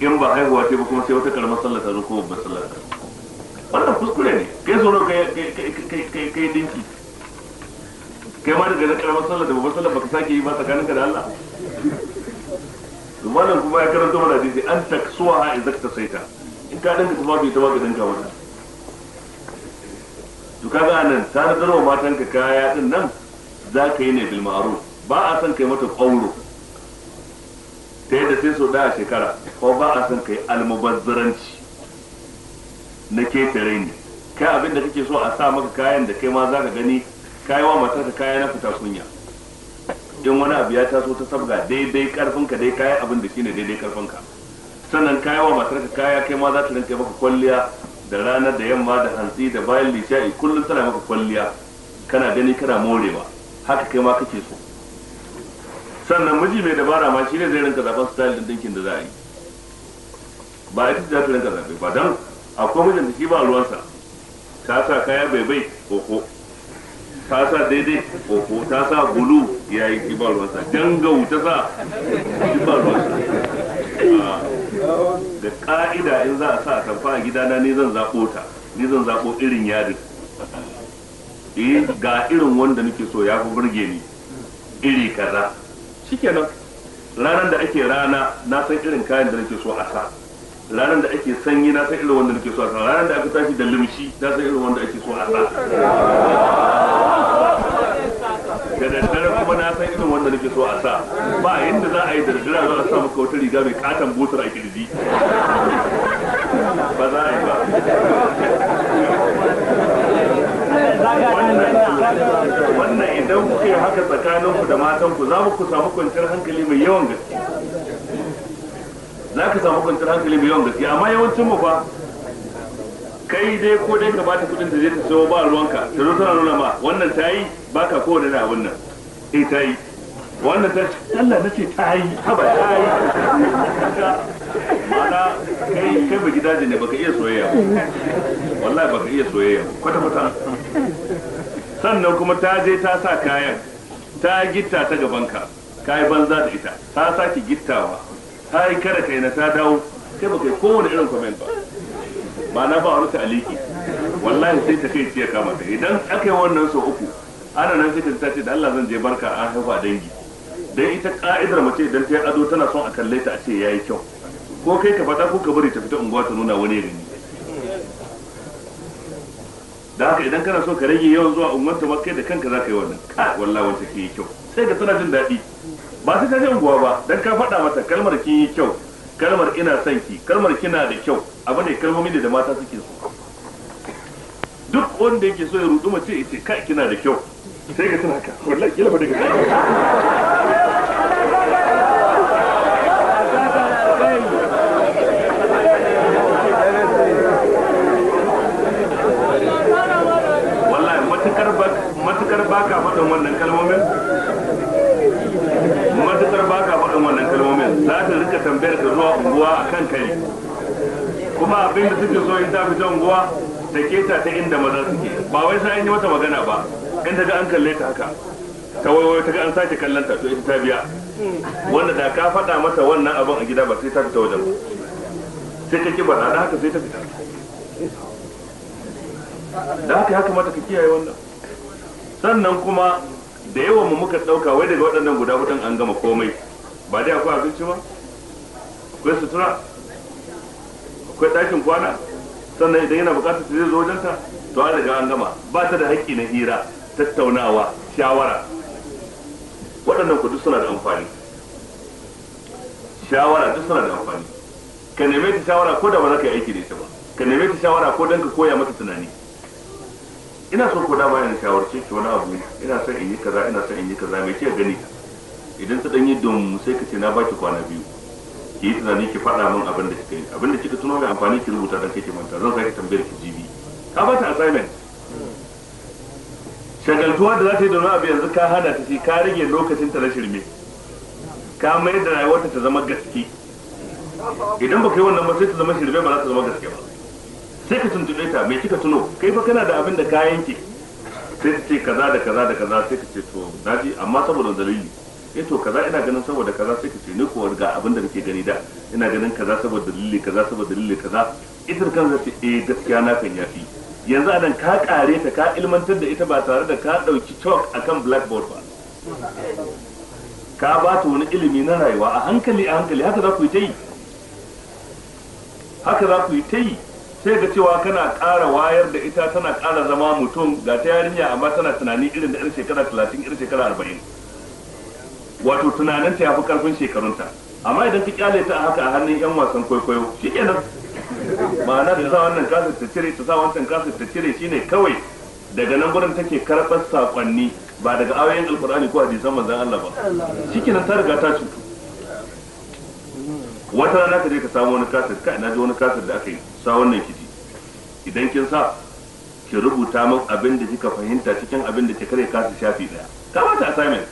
S1: in ba haihuwa ce ba kuma sai wata karama sallah ta zo ko babbar sallah wannan kuskure ne kai zo kai kai dinki kai ma daga karama sallah da babbar sallah baka sake yi ba tsakanin ka da Allah malam kuma ya karanta mana hadisi an taksuwa ha ka saita. in ka danka kuma bai ta ba ka danka wata to kaga anan ta nazarwa matanka kaya din nan za ka yi ne bil ma'ruf ba a san kai mata qawlu ta da sai so da a shekara ko ba a san kai almubazzaranci na ketare ne kai abin da kake so a sa maka kayan da kai ma za ka gani kayi wa ka kaya na fita kunya in wani abu ya taso ta sabga daidai karfinka dai kayan abin da shine daidai karfinka sannan kayi wa ka kaya kai ma za ta rinka maka kwalliya da ranar da yamma da hantsi da bayan lisha'i kullum tana maka kwalliya kana gani kana morewa haka kai ma kake so sannan miji mai dabara ma shi ne zai rinka zaɓen style din dinkin da za a yi ba ita za ta rinka zaɓe ba don akwai mijin da shi ba ruwansa ta sa kaya bai bai koko ta sa daidai koko ta sa bulu ya yi shi ba ruwansa jangau ta sa shi ba ruwansa ah, da ka'ida in za a sa a tamfa a gidana ne zan zaɓo ta ni zan zaɓo irin yadin eh ga irin wanda nake so ya fi burge ni iri kaza shikenan ranar da ake rana na san irin kayan da nake so a sa ranar da ake sanyi na san irin wanda nake so a sa ranar da aka tashi da limshi na san irin wanda ake so a sa da daddare kuma na san irin wanda nake so a sa ba yadda za a yi da daddare za a sa maka wata riga mai katon butar a kirji ba za a yi ba wannan idan kuka yi haka tsakaninku da matanku za mu ku samu kwanciyar hankali mai yawan gaske za ka samu kwanciyar hankali mai yawan gaske amma yawancin mu fa kai dai ko dai ka bata kudin da zai ta sayo ba ruwanka ta zo tana nuna ma wannan ta yi ba ka kowane da abin nan eh ta yi wannan ta Allah na ce ta yi haba ta yi kai kai ba gidaje ne baka iya soyayya wallahi baka iya soyayya kwata kwata sannan kuma ta je ta sa kayan ta gitta ta gabanka ka yi banza da ita ta sake gittawa ta yi kare kai na ta dawo sai ba kai kowane irin comment ba ba na ba wani aliki wallahi sai ta kai ciye kama ta idan aka yi wannan sau uku ana nan sai ta ce da Allah zan je barka a haifa dangi dan ita ka'idar mace idan ta yi ado tana son a kalle ta a ce yayi kyau ko kai ka faɗa ko ka bari ta fita unguwa ta nuna wani gani da haka idan kana so ka rage yawan zuwa unguwar ta makai da kanka ka yi wannan wallahi wata ke yi kyau sai ka tana jin daɗi ba sai ka ji unguwa ba dan ka faɗa mata kalmar ki yi kyau kalmar ina son ki kalmar kina da kyau abu ne kalmomi da mata suke so duk wanda yake so ya rudu mace ya ce kai kina da kyau sai ka tana ka wallahi kila ba daga matukar baka faɗin wannan kalmomin matukar ka faɗin wannan kalmomin za ta rika tambayar ka zuwa unguwa a kan kai kuma abin da suke so in ta fita unguwa da keta ta inda maza suke ba wai sai an yi mata magana ba in ta ga an kalle ta haka ta wayoyi ta ga an sake kallon ta to ita ta biya wanda da ka faɗa mata wannan abin a gida ba sai ta fita wajen sai ta kibar da haka sai ta fita da haka ya kamata ka kiyaye wannan sannan kuma da yawan mu muka dauka wai daga waɗannan guda hudun an gama komai ba dai akwai abinci ba akwai sutura akwai ɗakin kwana sannan idan yana bukatar ta zai zo wajenta to an riga an gama ba ta da haƙƙi na hira tattaunawa shawara waɗannan ku duk suna da amfani shawara duk suna da amfani ka neme ta shawara ko da ba za ka yi aiki da ita ba ka neme ta shawara ko don ka koya mata tunani ina so ko dama in shawarce ki wani abu ina son in yi kaza ina son in yi kaza mai ya gani idan ta dan yi dum sai ka ce na baki kwana biyu ki yi tunani ki faɗa min abin da kika yi abin da kika tuno mai amfani ki rubuta dan kake manta zan sake tambayar ki jibi ka ba ta assignment shagaltuwa da za ta yi don abu yanzu ka hana ta shi ka rage lokacin ta na shirme ka mai da rayuwarta ta zama gaske idan baka yi wannan ba sai ta zama shirme ba za ta zama gaske ba sai ka tuntube ta mai kika tuno kai fa kana da abin da ka yanke sai ta ce kaza da kaza da kaza sai ka ce to naji amma saboda dalili eh to kaza ina ganin saboda kaza sai ka ce ni kuwa ga abin da nake gani da ina ganin kaza saboda dalili kaza saboda dalili kaza ita kan za ce eh gaskiya na kan yafi yanzu anan ka kare ta ka ilmantar da ita ba tare da ka dauki chalk akan blackboard ba ka ba ta wani ilimi na rayuwa a hankali a hankali haka za ku yi ta yi haka za ku yi ta yi sai da cewa kana ƙara wayar da ita tana ƙara zama mutum ga ta yarinya amma tana tunani irin da irin shekara talatin irin shekara arba'in wato tunaninta ya fi ƙarfin shekarunta amma idan ta kyale ta a haka a hannun yan wasan kwaikwayo shi kenan ma'ana ta sa wannan kasar ta cire ta sa wancan kasar ta cire shine kawai daga nan gurin take karɓar saƙonni ba daga ayoyin alkur'ani ko hadisan manzon Allah ba shi kenan ta riga ta cutu wata rana ka je ka samu wani kasar kai na ji wani kasar da aka yi sa wannan kiji idan kin sa ki rubuta min abin da kika fahimta cikin abin da kika kare kasa shafi daya ka mata assignment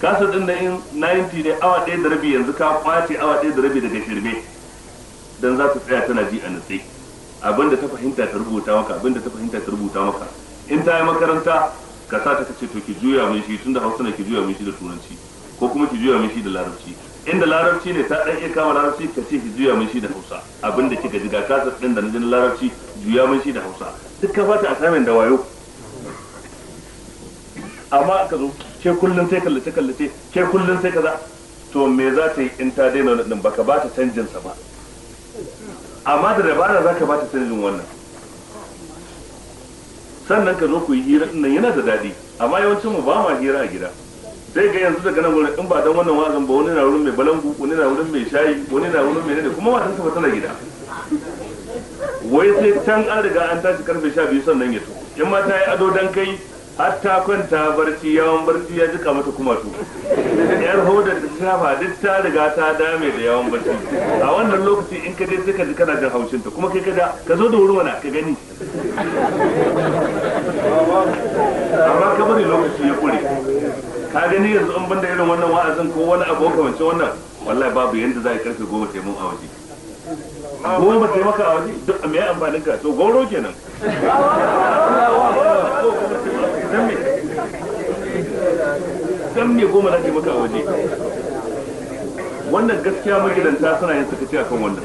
S1: kasar din da in 90 ne awa ɗaya da rabi yanzu ka kwace awa ɗaya da rabi daga shirme dan za ta tsaya tana ji a natsai abin da ta fahimta ta rubuta maka abin da ta fahimta ta rubuta maka in ta yi makaranta ka sa ta ce to ki juya mun shi tunda hausa ne ki juya mun shi da turanci ko kuma ki juya mun shi da larabci inda larabci ne ta dan iya kama larabci ka ce ki juya mun shi da Hausa abinda kika ji ga kasar din da na jin larabci juya mun shi da Hausa duk ka fata a samun da wayo amma ka zo ke kullun sai kallace kallace ke kullun sai kaza to me za ta yi in ta daina wannan baka ba ta canjin sa ba amma da dabara za ka ba ta canjin wannan sannan ka zo ku yi hira nan yana da daɗi amma yawancin mu ba ma hira a gida Zai ga yanzu daga nan wurin in ba dan wannan wazan ba wani na wurin mai balangu wani na wurin mai shayi wani na wurin mai ne kuma matan sa tana gida wai sai can an riga an tashi karfe sha biyu sannan ya to in ma ta yi ado dan kai har ta kwanta barci yawan barci ya jika mata kuma tu yar hodar da shafa duk ta riga ta dame da yawan barci a wannan lokaci in ka je sai ka ji kana jin haushin ta kuma kai ka ka zo da wuri wana ka gani amma bari lokaci ya
S2: kure
S1: ka gani yanzu in banda irin wannan wa'azin ko wani abu ka wance wannan wallahi babu yanda za a karfe goma sai mun a waje goma sai maka a waje duk me amfanin ka to goro kenan dan me goma za ta maka a waje wannan gaskiya magidanta suna yin sakaci akan wannan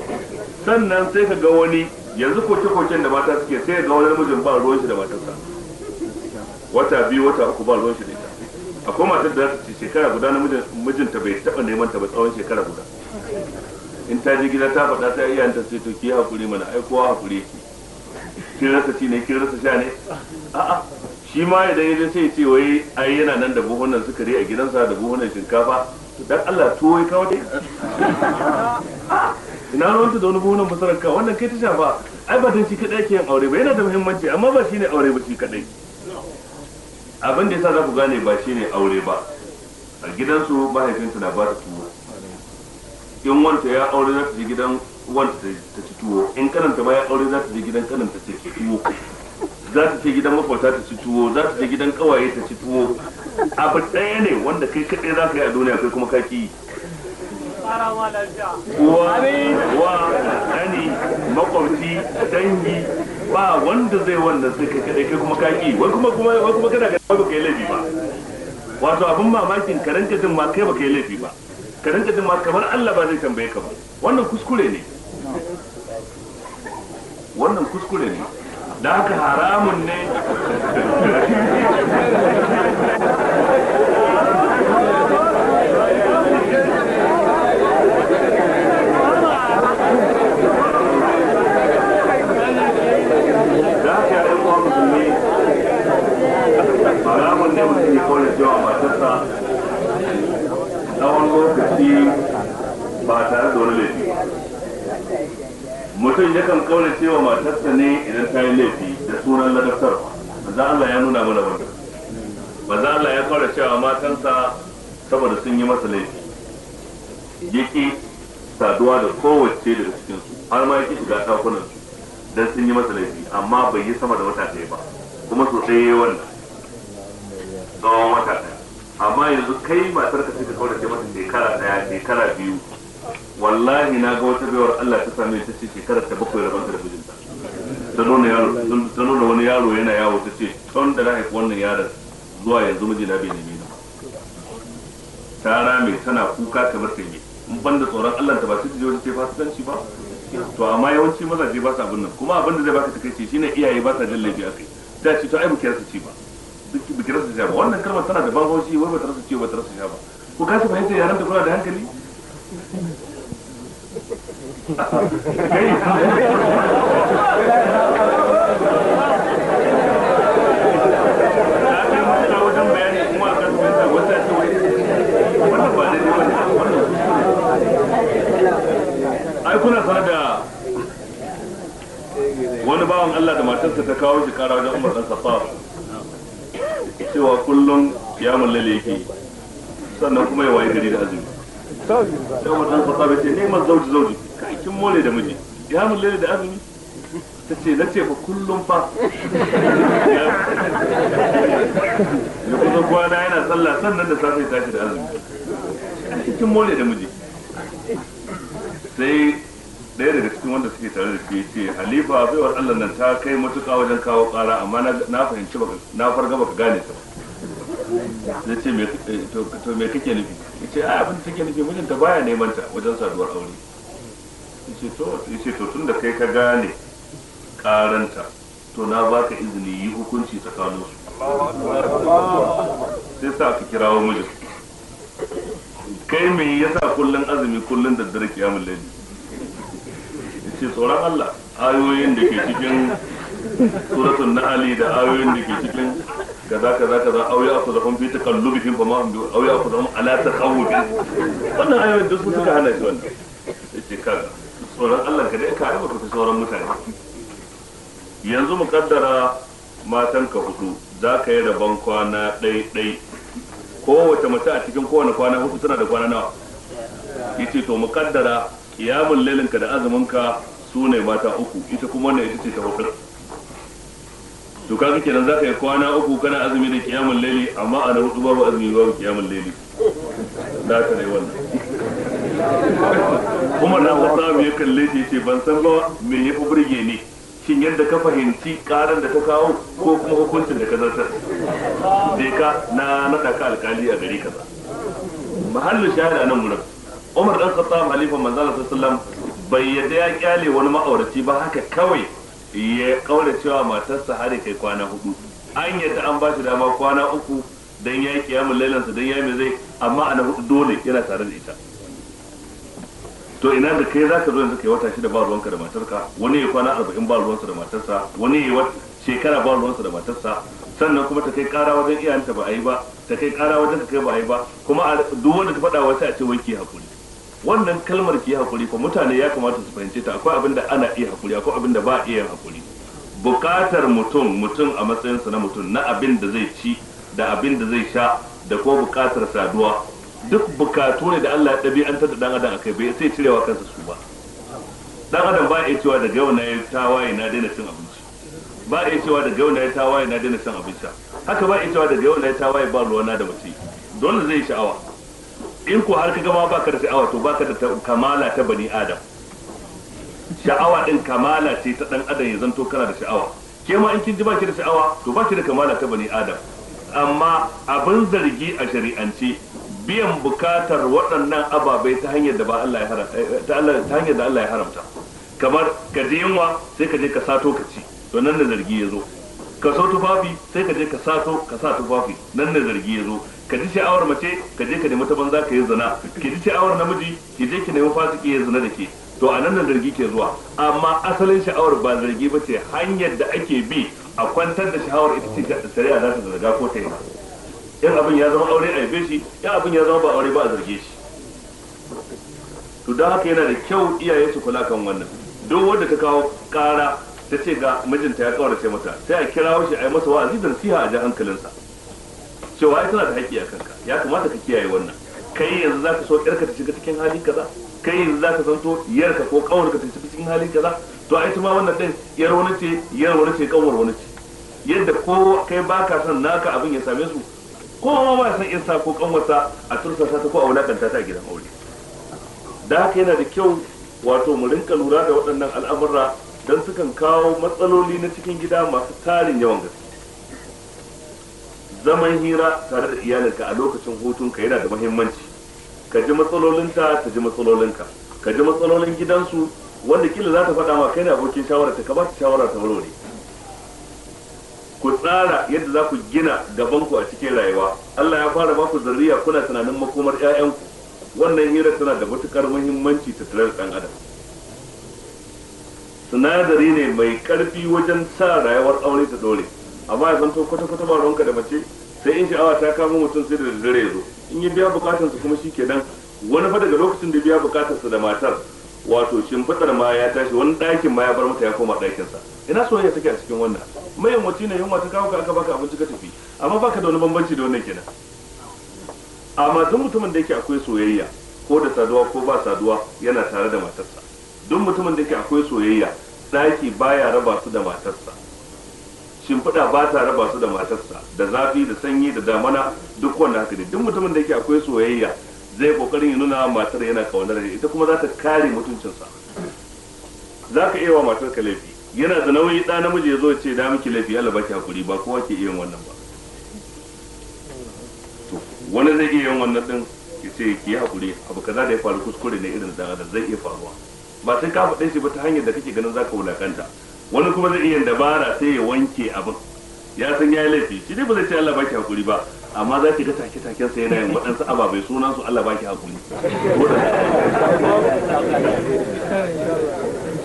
S1: sannan sai ka ga wani yanzu koke-koken da mata suke sai ga wani mijin ba ruwan shi da matarsa wata biyu wata uku ba ruwan shi ne. akwai matar da ta ce shekara guda na mijinta bai taɓa neman ta ba tsawon shekara guda in ta je gida ta faɗa ta iya ta sai to ki hakuri mana ai kowa hakuri ki kin rasa ci ne kin rasa sha ne a'a shi ma idan yaje sai ya ce wai ai yana nan da buhunan sukari a gidansa da buhunan shinkafa to dan Allah to wai kawo ina ruwan ta da wani buhunan masarar ka wannan kai ta shafa ai ba dan shi kadai ke yin aure ba yana da muhimmanci amma ba shine aure ba shi kadai abin da sa za ku gane ba shi ne aure ba a gidansu mahaifinta na ba ta tuwo in wanta ya aure za ta je gidan wanta ta ci tuwo in kananta ma ya aure za ta je gidan kananta ta ci tuwo za ta je gidan mafauta ta ci tuwo za ta je gidan kawaye ta ci tuwo abu ɗaya ne wanda kai kaɗai za ka yi a duniya kai kuma ka ki yi uwa wa ɗani makwabci dangi ba wanda zai wannan sai ka kai kuma ka ki wai kuma kuma wai kuma kana ga baka yi laifi ba wato abin mamakin ka karanta din ma kai baka yi laifi ba ka karanta din ma kamar Allah ba zai tambaye ka ba wannan kuskure ne wannan kuskure ne da haka haramun ne wa matarsa tsawon lokaci ba tare da wani laifi mutum yakan kaura cewa matarsa ne idan ta yi laifi da sunan ladabtar maza Allah ya nuna mana wanda za Allah ya kaura cewa matansa saboda sun yi masa laifi yake saduwa da kowace daga cikinsu har ma yake shiga ɗakunansu don sun yi masa laifi amma bai yi sama da wata ɗaya ba kuma sosai ya yi wannan tsawon wata ɗaya amma yanzu kai matar ka suka kaurace mata shekara ɗaya shekara biyu wallahi na ga wata baiwar Allah ta same ta ce shekara ta bakwai rabon ta da mijinta ta nuna yaro ta nuna wani yaro yana yawo ta ce tun da na haifi wannan yaron zuwa yanzu mijina bai neme ni ta rame tana kuka kamar ta yi in ban da tsoron Allah ta ba su je wani ce fasikanci ba to amma yawanci mazaje ba sa abin nan kuma abin da zai baka takaici shine iyaye ba sa jin laifi akai da shi to ai mu kira su ci ba biki rasa sha ba wannan kalmar tana da ban haushi wai ba ta rasa ciwo ba ta rasa sha ba ku kasa fahimta yaran da kula da hankali ai kuna sanar da wani bawan Allah da matarsa ta kawo shi kara wajen Umar dan Safa cewa kullum ya mallale yake sannan kuma ya waye gari da azumi
S2: sai wannan sabi ce neman zauji zauji kai kin mole da miji
S1: ya mallale da azumi ta ce na ce fa kullum fa ya kusa kwana yana sallah sannan da safe tashi da azumi a cikin mole da miji sai ɗaya daga cikin wanda suke tare da shi ce halifa baiwar Allah nan ta kai matuƙa wajen kawo ƙara amma na fahimci baka na farga baka gane ta ya ce to me kake nufi ya ce ai abin da take nufi mijinta baya neman ta wajen saduwar aure ya ce to tun da kai ka gane ƙaranta to na baka izini yi hukunci tsakanin su. sai sa ka kirawo mijin kai me yasa kullun azumi kullun daddare kiyamul laili ce tsoron Allah ayoyin da ke cikin na ali da ayoyin da ke cikin kaza kaza kaza aw ya'khudhum fi taqallubihim fa ma hum bi aw ya'khudhum ala takhawuf
S2: wannan ayoyin da su suka hana
S1: shi wannan ce kaga tsoron Allah ka dai ka aiwa fi sauran mutane yanzu mu kaddara matan ka hudu za ka yi rabon kwana ɗai ɗai kowace mace a cikin kowane kwana hudu tana da kwana nawa ce to mu kaddara iyamun lailin da azuminka ka sune mata uku ita kuma wannan ita ce ta hudu to kaga kenan zaka yi kwana uku kana azumi da kiyamun laili amma ana hudu babu azumi babu kiyamun laili da ka ne wannan
S2: kuma na wasa
S1: ya kalle shi ce ban san ba me ya burge ni shin yadda ka fahimci karan da ta kawo ko kuma hukuncin da ka zartar je ka na naɗa ka alkali a gari kaza mahallin shahada nan na. Umar dan Khattab halifan manzo Allah sallallahu bai yadda ya kyale wani ma'aurati ba haka kawai ya kaura cewa matarsa har kai kwana hudu an yadda an ba shi dama kwana uku dan ya kiyamu lailansa dan ya me zai amma ana hudu dole yana tare da ita to ina da kai zaka zo yanzu kai wata shida ba ruwanka da matarka wani ya kwana arba'in ba ruwansa da matarsa wani ya shekara ba ruwansa da matarsa sannan kuma ta kai kara wajen iyayenta ba a yi ba ta kai kara wajen ka kai ba a yi ba kuma duk wanda ta faɗa wata a ce wanki hakuri wannan kalmar ki hakuri ko mutane ya kamata su fahimci ta akwai abin da ana iya hakuri akwai abin da ba iya hakuri bukatar mutum mutum a matsayinsa na mutum na abin da zai ci da abin da zai sha da kuma bukatar saduwa duk bukatu ne da Allah ya an tada dan adam akai bai sai cirewa kansa su ba dan adam ba ya cewa daga yau na yi tawaye na daina cin abinci ba ya cewa daga yau na yi tawaye na daina cin abinci haka ba ya cewa daga yau na yi tawaye ba ruwana da mace dole zai sha'awa in ko har ka gama baka da sha'awa to baka da kamala ta bani adam sha'awa din kamala ce ta dan adam ya zanto kana da sha'awa ke ma in kin ji ba ki da sha'awa to baki da kamala ta bani adam amma abin zargi a shari'ance biyan bukatar waɗannan ababai ta hanyar da ba Allah ya haramta eh, ta hanyar da Allah ya haramta kamar ka je yunwa sai ka je ka sato ka ci to nan da zargi ya zo ka so tufafi sai ka je ka sato ka sa tufafi nan da zargi ya zo ka ji sha'awar mace ka je ka nemi ta banza ka yi zina ki ji sha'awar namiji ki je ki nemi fasiki ya zina da ke to a nan nan zargi ke zuwa amma asalin sha'awar ba zargi ba ce hanyar da ake bi a kwantar da sha'awar ita ce shari'a za ta zarga ko ta yi yan abin ya zama aure a yabe shi yan abin ya zama ba aure ba a zarge shi to don haka yana da kyau iyaye su kula kan wannan duk wanda ta kawo kara ta ce ga mijinta ya ce mata sai a kirawo shi a yi masa wa'azi da nasiha a ji hankalinsa cewa ai tana da haƙƙi a kanka ya kamata ka kiyaye wannan kai yanzu zaka so ƴarka ta shiga cikin hali kaza kai yanzu zaka santo yarka ko ka ta shiga cikin hali kaza to ai ma wannan din yar wani ce yar wani ce ƙawar wani ce yadda ko kai baka son naka abin ya same su ko ma ba san yarsa ko ƙanwarsa a tursasa ta ko a wulaƙanta ta a gidan aure da haka yana da kyau wato mu rinka lura da waɗannan al'amura don sukan kawo matsaloli na cikin gida masu tarin yawan gaske zaman hira tare da iyalinka a lokacin hutunka yana da muhimmanci ka ji matsalolinta ta ji matsalolinka ka ji matsalolin gidansu wanda kila za ta faɗa ma kai ne abokin shawara ta ka ba ta shawara ta warware ku tsara yadda za ku gina gabanku a cikin rayuwa Allah ya fara baku zurriya kuna tunanin makomar 'ya'yanku wannan hira tana da matukar muhimmanci ta tare da ɗan adam sinadari ne mai karfi wajen sa rayuwar aure ta dore amma ya zanto kwata kwata ba ruwanka da mace sai in sha'awa ta kama mutum sai da daddare ya zo in ya biya bukatar su kuma shi kenan wani fa daga lokacin da biya bukatar sa da matar wato shimfiɗar ma ya tashi wani ɗakin ma ya bar mata ya koma ɗakinsa ina soyayya take a cikin wannan mayan wace na yunwa ta kawo ka aka baka abinci ka tafi amma baka da wani bambanci da wannan kenan amma duk mutumin da yake akwai soyayya ko da saduwa ko ba saduwa yana tare da matarsa don mutumin da yake akwai soyayya ɗaki baya raba su da matarsa shimfiɗa ba ta raba su da matarsa da zafi da sanyi da damana duk wanda haka ne duk mutumin da yake akwai soyayya zai kokarin ya nuna matar yana kaunar ita kuma za ta kare mutuncinsa za ka iya wa matar ka laifi yana da nauyi ɗa namiji ya zo ce da miki laifi Allah baki hakuri ba kowa ke iya wannan ba to wani zai iya yin wannan din ya ce ki yi hakuri abu kaza da ya faru kuskure ne irin da zai iya faruwa ba sai ka faɗe shi ba ta hanyar da kake ganin za ka wulaƙanta. wani kuma zai iya dabara sai ya wanke abin ya san ya yi laifi shi dai ba zai ce Allah baki hakuri ba amma za ki ga take taken sa yana yin waɗansu ababai sunan su Allah baki hakuri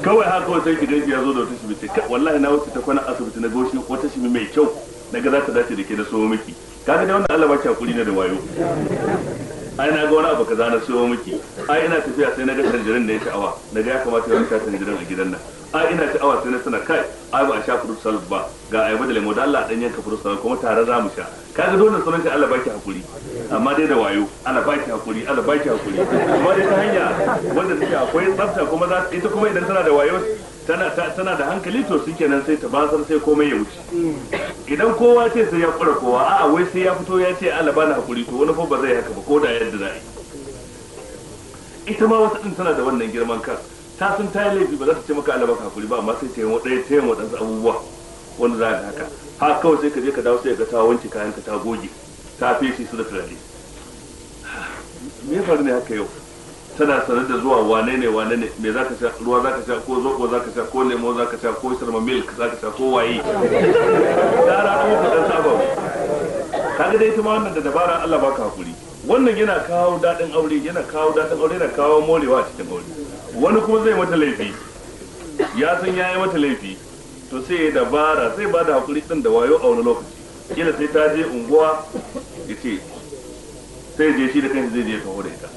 S1: kawai haka sai ki danki ya zo da wata shibiti wallahi na wuce ta kwana asibiti na goshi wata shibi mai kyau na ga za ta dace da ke da sowo miki ka ga wannan Allah baki hakuri ne da wayo ai na ga wani abu kaza na sowo miki ai ina tafiya sai na ga tanjirin da ya sha'awa na ga ya kamata ya wani tanjirin a gidan nan a ina ta awa sai na kai ai ba a sha fruit salad ba ga ayaba da lemo da Allah dan yanka fruit salad kuma tare za mu sha kaga dole sunan shi Allah baki hakuri amma dai da wayo Allah baki hakuri Allah baki hakuri amma dai ta hanya wanda take akwai tsafta kuma za ita kuma idan tana da wayo tana tana da hankali to shikenan sai ta bazar sai komai ya wuce idan kowa ce sai ya kura kowa a'a wai sai ya fito ya ce Allah bani hakuri to wani fa ba zai haka ba ko da yadda za a yi ita ma wata din tana da wannan girman kansa ta sun ta yi laifi ba za su ce maka Allah baka ba amma sai ta yi ɗaya ta yi waɗansu abubuwa wanda za yi haka ha kawai sai ka je ka dawo sai ka ta wanke kayanka ta goge ta feshe su da turare me ya faru ne haka yau tana sanar da zuwa wane ne wane ne me ka sha ruwa ka sha ko zoko ka sha ko lemo ka sha ko sharma milk ka sha ko waye da ra an dan sabon kaga dai ita ma wannan da dabara Allah baka hakuri wannan yana kawo daɗin aure yana kawo daɗin aure yana kawo morewa a cikin aure wani kuma zai mata laifi ya san ya yi mata laifi to sai ya dabara zai ba da hakuri ɗin da wayo a wani lokaci kila sai ta je unguwa ya ce sai je shi da kanshi zai je kawo da ita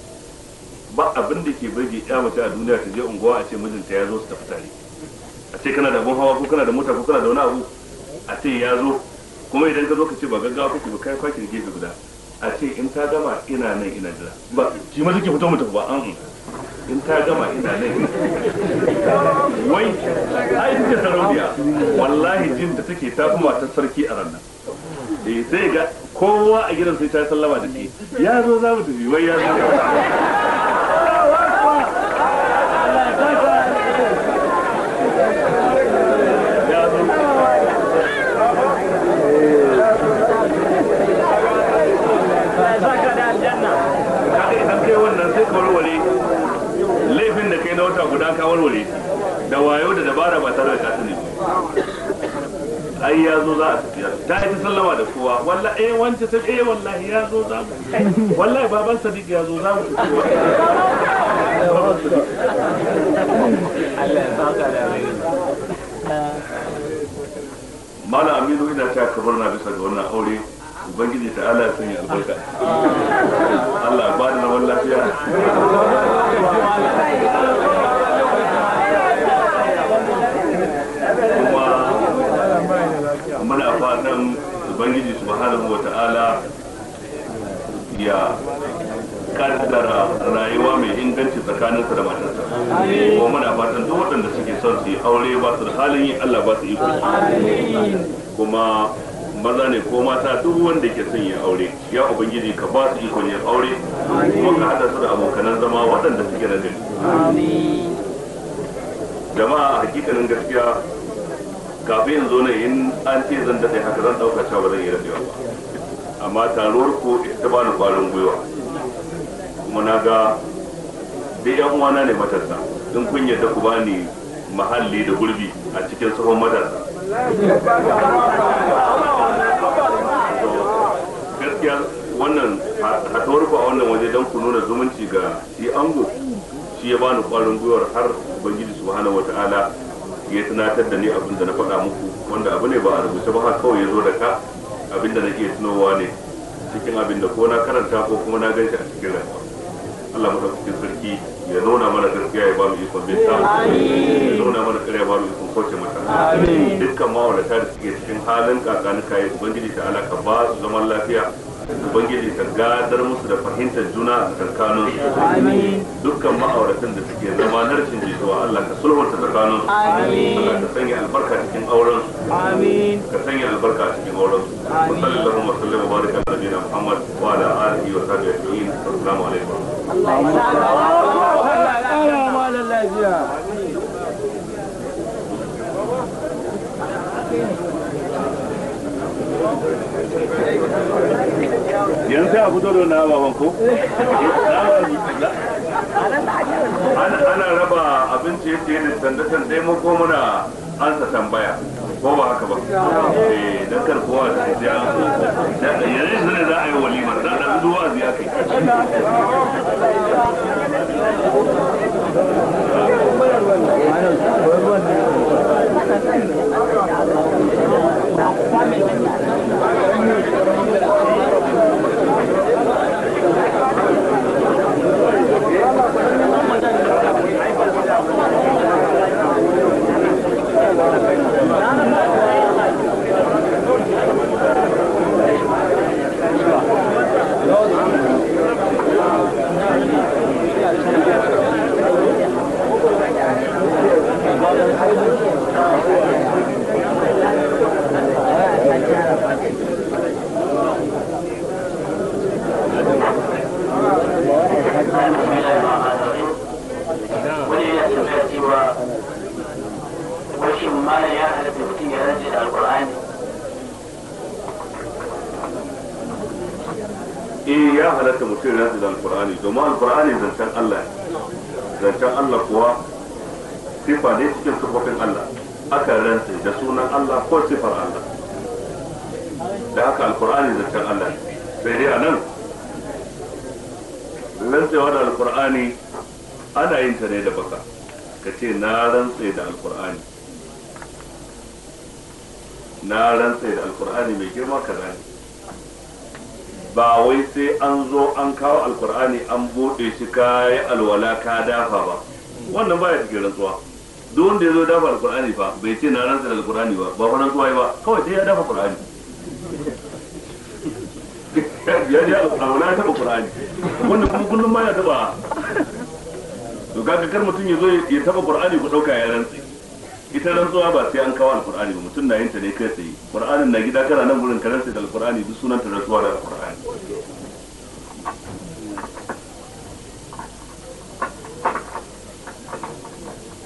S1: ba abin da ke burge ya mace a duniya ta je unguwa a ce mijinta ya zo su tafi tare a ce kana da abun hawa ko kana da mota ko kana da wani abu a ce ya zo kuma idan ka zo ka ce ba gaggawa kake ba kai kwakin gefe guda a ce in ta gama ina nan ina jira ba shi ma suke fito mutum ba an in ta gama ina nan wai ai suke sarauniya wallahi jin da take ta kuma ta sarki a ranar eh sai ga kowa a gidan sai ta sallama da ke ya zo za mu tafi wai ya zo guda ka warware da wayo da dabara ba tare da ka sani ai ya zo za a tafiya ta yi sallama da kowa wallahi eh wance ta eh wallahi ya zo za mu wallahi baban sadiq ya zo za mu mala aminu ina ta kabar na bisa ga wannan aure ubangiji ta ala sun yi albarka allah ba da na lafiya ubangiji subhanahu wa ya kaddara rayuwa mai inganci tsakaninsa da matarsa kuma muna fatan duk waɗanda suke son su yi aure ba su da halin yi Allah ba su iko kuma maza ne ko mata duk wanda ke son yin aure ya ubangiji ka ba su ikon yin aure kuma ka haɗa su da abokanan zama waɗanda suke da jin jama'a hakikanin gaskiya kafin in zo nan in an ce zan daɗe haka zan ɗauka cewa ba zan yi rabewa ba amma taruwar ku ta bani ƙwarin gwiwa kuma na ga dai yan uwana ne matasa in kun yadda ku bani mahalli da gurbi a cikin tsohon matasa gaskiya wannan haɗuwar ku a wannan waje don ku nuna zumunci ga shi ango shi ya bani ƙwarin gwiwar har ubangiji subhanahu wata'ala ya tunatar da ni abin da na faɗa muku wanda abu ne ba a rubuce ba har kawai ya zo da ka abin da nake tunowa ne cikin abin da ko na karanta ko kuma na gan shi a cikin rayuwa Allah mu ɗauki sarki ya nuna mana gaskiya ya ba mu ikon bin ya nuna mana ƙarya ya ba mu ikon kauce mata dukkan ma'aurata da suke cikin halin kakanuka ya ubangiji ta alaka ba su zaman lafiya ubangiji ka gadar musu da fahimtar juna a tsakanin su dukkan ma'auratan da suke zama na rashin jituwa Allah ka sulhunta tsakanin su Allah ka sanya albarka cikin auren su ka sanya albarka cikin auren su sallallahu alaihi wa sallam wa baraka ala nabiyina Muhammad wa ala alihi wa sahbihi ajma'in assalamu alaikum Allah ya
S2: kara ma lafiya
S1: Thank you. yanzu a fito da na baban ko ana raba abinci yace ne sanda sanda mu ko muna ansa tambaya ko ba haka ba eh dan kar kowa sai ya yanzu ne za a yi walima da a zuwa ziya kai Thank you. ce na rantse da alkur'ani na rantse da alkur'ani mai girma kaza ne ba wai sai an zo an kawo alkur'ani an buɗe shi ka yi alwala ka dafa ba wannan baya cikin rantsuwa duk wanda ya zo dafa alkur'ani ba bai ce na rantse da alkur'ani ba ba fa zuwa ba kawai sai ya dafa alkur'ani ya je alwala ta taɓa alkur'ani wannan kuma kullum ma ya taɓa to kaga kar mutum ya zo ya taba qur'ani ku dauka ya rantsi ita rantsuwa ba sai an kawo alqur'ani ba mutum na yin ne kai tsaye qur'anin na gida kana nan gurin karanta da alqur'ani duk sunan ta rantsuwa da alqur'ani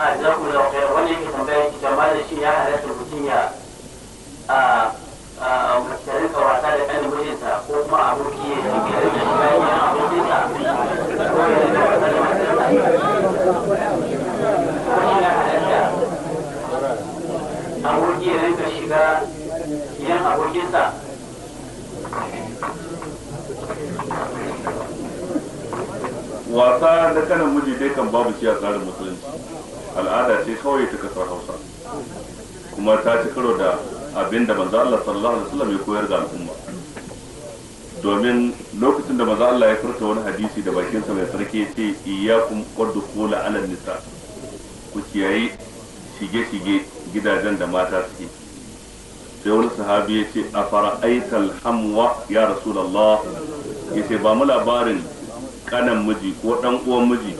S2: a da ku da kai wani yake tambaya ki jama'a da shi ya halatta mutum ya a a mutarin da kan mijinta ko kuma aboki ya shi ke da shi abokinsa ko ya da aboki ya shiga yan abokinsa
S1: wasa da kanan miji dai kan babu shi a tsarin musulunci al'ada ce kawai ta kasar hausa kuma ta ci karo da abin da manzo Allah sallallahu alaihi wasallam ya koyar ga al'umma domin lokacin da manzo Allah ya furta wani hadisi da bakinsa mai sarki ce iyyakum kwadda dukhula ala nisa ku kiyaye shige shige gidajen da mata suke sai wani sahabi ya ce a fara aital hamwa ya rasulallah ya ce ba mu labarin kanan miji ko dan uwan miji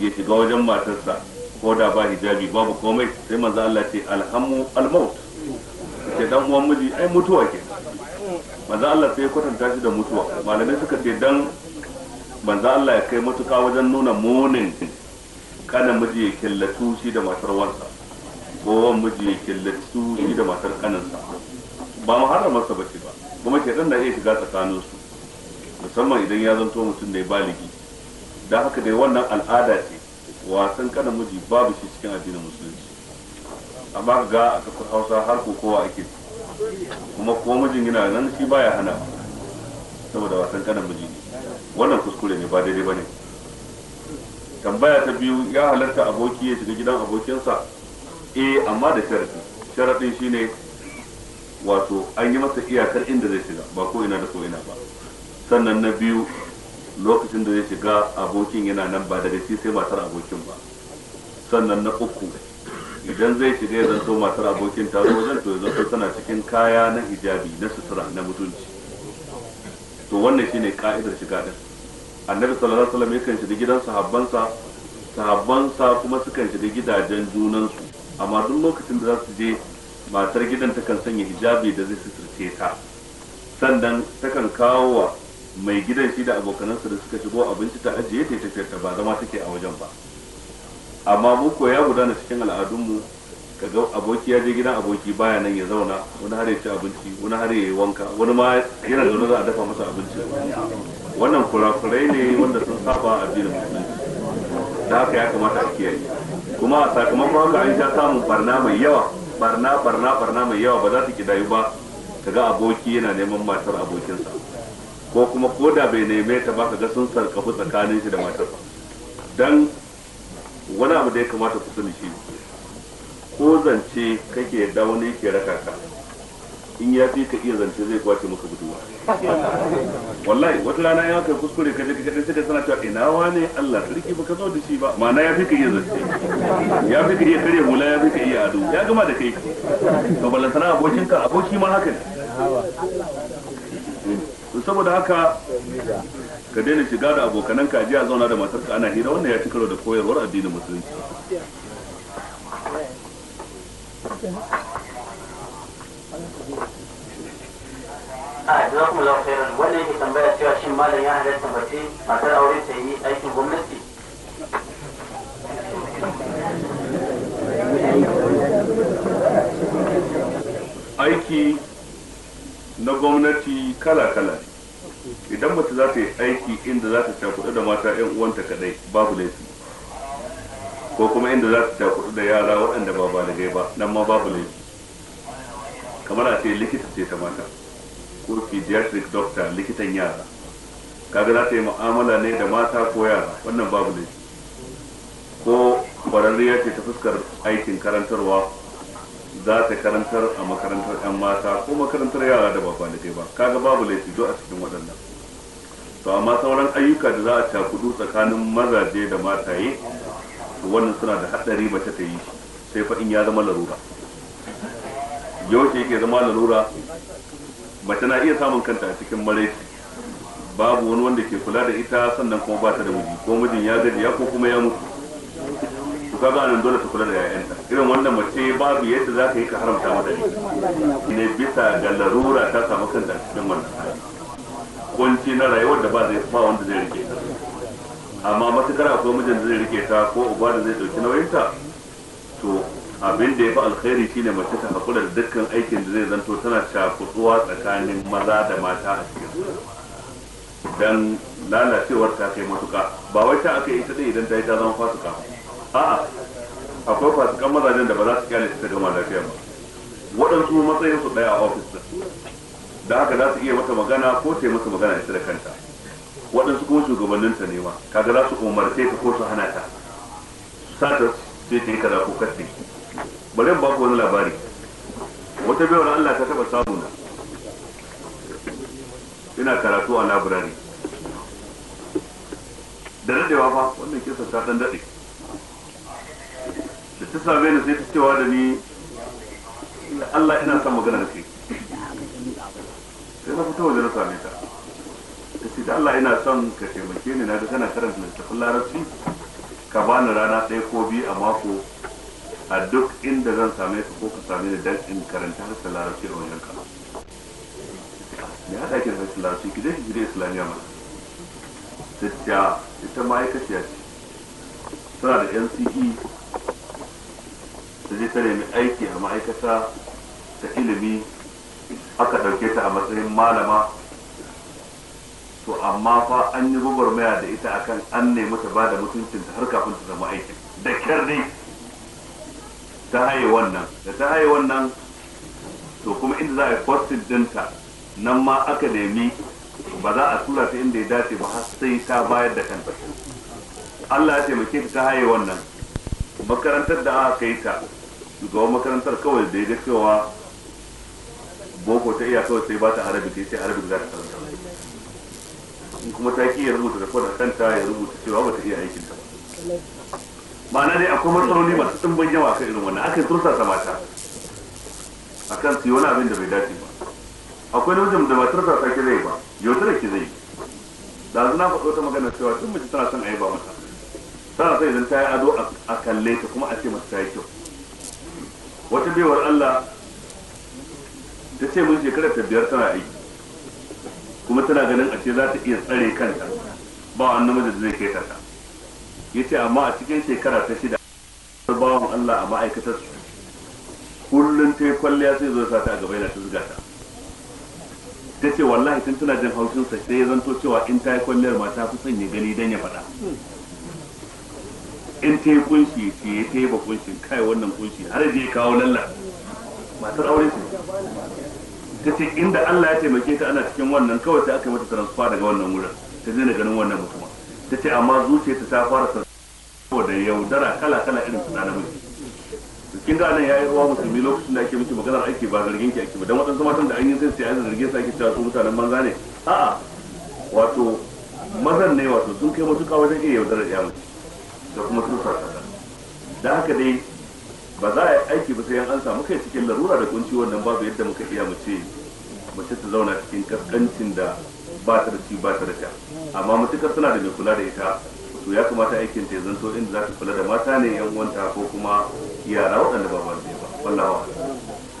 S1: ya shiga wajen matarsa ko da ba hijabi babu komai sai manzo Allah ce alhamu almaut ce dan uwan miji ai mutuwa ke manzo Allah sai kwatanta shi da mutuwa malamai suka ce dan manzo Allah ya kai matuka wajen nuna munin kanan miji ya killatu shi da matar wansa ko miji ya killace shi da matar kaninsa ba mu muharramarsa ba ce ba kuma ɗan na iya shiga su musamman idan ya zanto mutum da ya baligi da haka dai wannan al'ada ce wasan kana miji babu shi cikin addinin musulunci amma ga a kafin hausa har ko kowa ake kuma ko mijin yana nan shi baya hana saboda wasan kanan miji ne wannan kuskure ne ba daidai ba ne tambaya ta biyu ya halarta aboki ya shiga gidan abokinsa eh amma da sharadi sharadin shine wato an yi masa iyakar inda zai shiga ba ko ina da ko ina ba sannan na biyu lokacin da zai shiga abokin yana nan ba da shi sai matar abokin ba sannan na uku idan zai shiga ya zanto matar abokin ta zo wajen to ya zanto tana cikin kaya na hijabi na sutura na mutunci to wannan shine ka'idar shiga din annabi sallallahu alaihi wasallam yakan shiga gidan sahabbansa sahabbansa kuma sukan shiga gidajen junansu amma duk lokacin da za su je matar gidan ta kan sanya hijabi da zai suturce ta sannan ta kan kawo wa mai gidan shi da abokanansa da suka shigo abinci ta ajiye ta tafiyar ta ba zama take a wajen ba amma mu ko ya gudana cikin al'adunmu kaga aboki ya je gidan aboki baya nan ya zauna wani har ya ci abinci wani har ya yi wanka wani ma yana zaune za a dafa masa abinci wannan kurakurai ne wanda sun saba a musulunci da haka ya kamata a kiyaye kuma a sakamakon haka an sha samun barna mai yawa barna barna barna mai yawa ba za ta kidayu ba kaga aboki yana neman matar abokinsa ko kuma ko da bai neme ta ba ka ga sun sarkafu tsakanin shi da matar dan wani abu da ya kamata ku sani shi ko zance kake dauni ke raka ka in ya fi ka iya zance zai kwace maka guduwa wallahi wata rana ya kai kuskure ka je ka kadai sai sana cewa ina wane Allah riki baka zo da shi ba ma'ana ya fi ka iya zance
S2: ya fi ka iya kare hula ya fi ka iya ado ya
S1: gama da kai to balantana abokin ka aboki ma haka ne saboda haka ka daina shiga da abokanan ka a zauna da matarka ana hira wannan ya ci karo da koyarwar addinin musulunci
S2: a jazakum Allah khairan wanda yake tambaya cewa shin malam ya halatta mace
S1: matar aure ta yi aikin gwamnati aiki na gwamnati kala-kala idan mace za ta yi aiki inda za ta cakudu da mata 'yan uwanta kadai babu laifi ko kuma inda za ta cakudu da yara waɗanda ba baligai ba nan ma babu laifi kamar a ce likita ce ta mata ko pediatric doctor likitan yara kaga za ta yi mu'amala ne da mata ko yara wannan babu ne ko ya ce ta fuskar aikin karantarwa za ta karantar a makarantar 'yan mata ko makarantar yara da ba kwalitai ba kaga babu laifi do a cikin waɗannan to amma sauran ayyuka da za a cakudu tsakanin mazaje da mataye yi wannan suna da haɗari mace ta yi sai faɗin ya zama larura yau ke yake zama larura mace na iya samun kanta a cikin maraici babu wani wanda ke kula da ita sannan kuma ba ta da miji ko mijin ya gaji ya ko kuma ya mutu to kaga nan dole ta kula da yayanta irin wannan mace babu yadda za ka yi ka haramta mata ne bisa ga larura ta samu kanta a cikin wannan kunci na rayuwar da ba zai ba wanda zai rike ta amma matukar akwai mijin da zai rike ta ko uba da zai dauki nauyinta to abin da ya fi alkhairi shine mace ta hakura da dukkan aikin da zai zanto tana shafutuwa tsakanin maza da mata a cikin dan lalacewar ta kai matuka ba wai ta aka yi ta idan ta yi ta zama fasuka a'a akwai fasukan mazajen da ba za su kyale ta gama lafiya ba waɗansu matsayin su ɗaya a ofis da da haka za su iya mata magana ko ta yi magana ita da kanta waɗansu kuma shugabannin ta nema kaga za su umarce ta ko su hana ta sa sai ta yi kaza ko kasance bari in ba ku wani labari wata baiwar Allah ta taba samu na ina karatu a labirari da daɗewa fa wannan kisa ta ɗan daɗe da ta same ni sai ta cewa da ni Allah ina son magana da kai sai na fito waje na same ta ta ce da Allah ina son ka taimake ni na ga kana karanta littafin larabci ka bani rana ɗaya ko biyu a mako a duk inda zan same ka ko ka same ni dan in karanta harkar larabci a wajen ka ne haɗa ki da larabci ki zai ki islamiyya mana ta ita ma'aikaciya ce tana da NCE ta je ta nemi aiki a ma'aikata ta ilimi aka ɗauke ta a matsayin malama to amma fa an yi gwagwarmaya da ita akan an nemi ta ba da mutuncinta har kafin ta zama aikin da kyar dai ta haye wannan da ta haye wannan to kuma inda za a yi postin dinta nan ma aka nemi ba za a tura ta inda ya dace ba har sai ta bayar da kanta Allah ya taimake ta ta haye wannan makarantar da aka kai ta shugaban makarantar kawai da ya ga cewa boko ta iya kawai sai ba ta arabi sai arabi za ta karanta in kuma ta ki ya rubuta da kanta ya rubuta cewa ba ta iya aikin ta ba ma'ana dai akwai matsaloli masu ɗimbin yawa kan irin wannan aka tursa ta mata a kan su wani abin da bai dace ba akwai namijin da ba tursa sa ki zai ba da ki zai da zuna faɗo ta magana cewa tun mace tana son a yi ba mata tana sai idan ta yi ado a kalle ta kuma a ce mata ta yi kyau wata baiwar Allah ta ce mun shekara ta biyar tana aiki kuma tana ganin a ce za ta iya tsare kanta ba wa namijin da zai kai ta yace amma a cikin shekara ta shida bawan Allah a ma'aikatar su kullum ta yi kwalliya sai zo sata a gaba yana ta zuga ta ta ce wallahi tun tana jin haushin sa sai ya zanto cewa in ta yi kwalliyar ma ta fi son ya gani dan ya faɗa in ta yi kunshi ce ya ta yi ba kunshin kai wannan kunshi har ya kawo lalla matar aure ce ta ce inda Allah ya taimake ta ana cikin wannan kawai sai aka yi mata transfer daga wannan wurin ta zina ganin wannan mutum ta ce amma zuciyarsa ta fara sarrafa da yaudara kala kala irin su na namiji kin ga nan yayi ruwa musulmi lokacin da ake miki maganar aiki ba zargin ki ake ba dan wadansu matan da an yi sai sai zargin sa ake cewa su mutanen banza ne a'a wato mazan ne wato sun kai masu kawai iya yaudara ya mace da kuma sun kasa. da haka dai ba za a yi aiki ba sai an samu kai cikin larura da kunci wannan babu yadda muka iya mace mace ta zauna cikin kaskancin da ba ta da ci ba ta da sha amma matukar suna da mai kula da ita to ya kamata aikin ta zanto inda za ta kula da mata ne yan wanta ko kuma yara waɗanda ba ba
S2: wallahi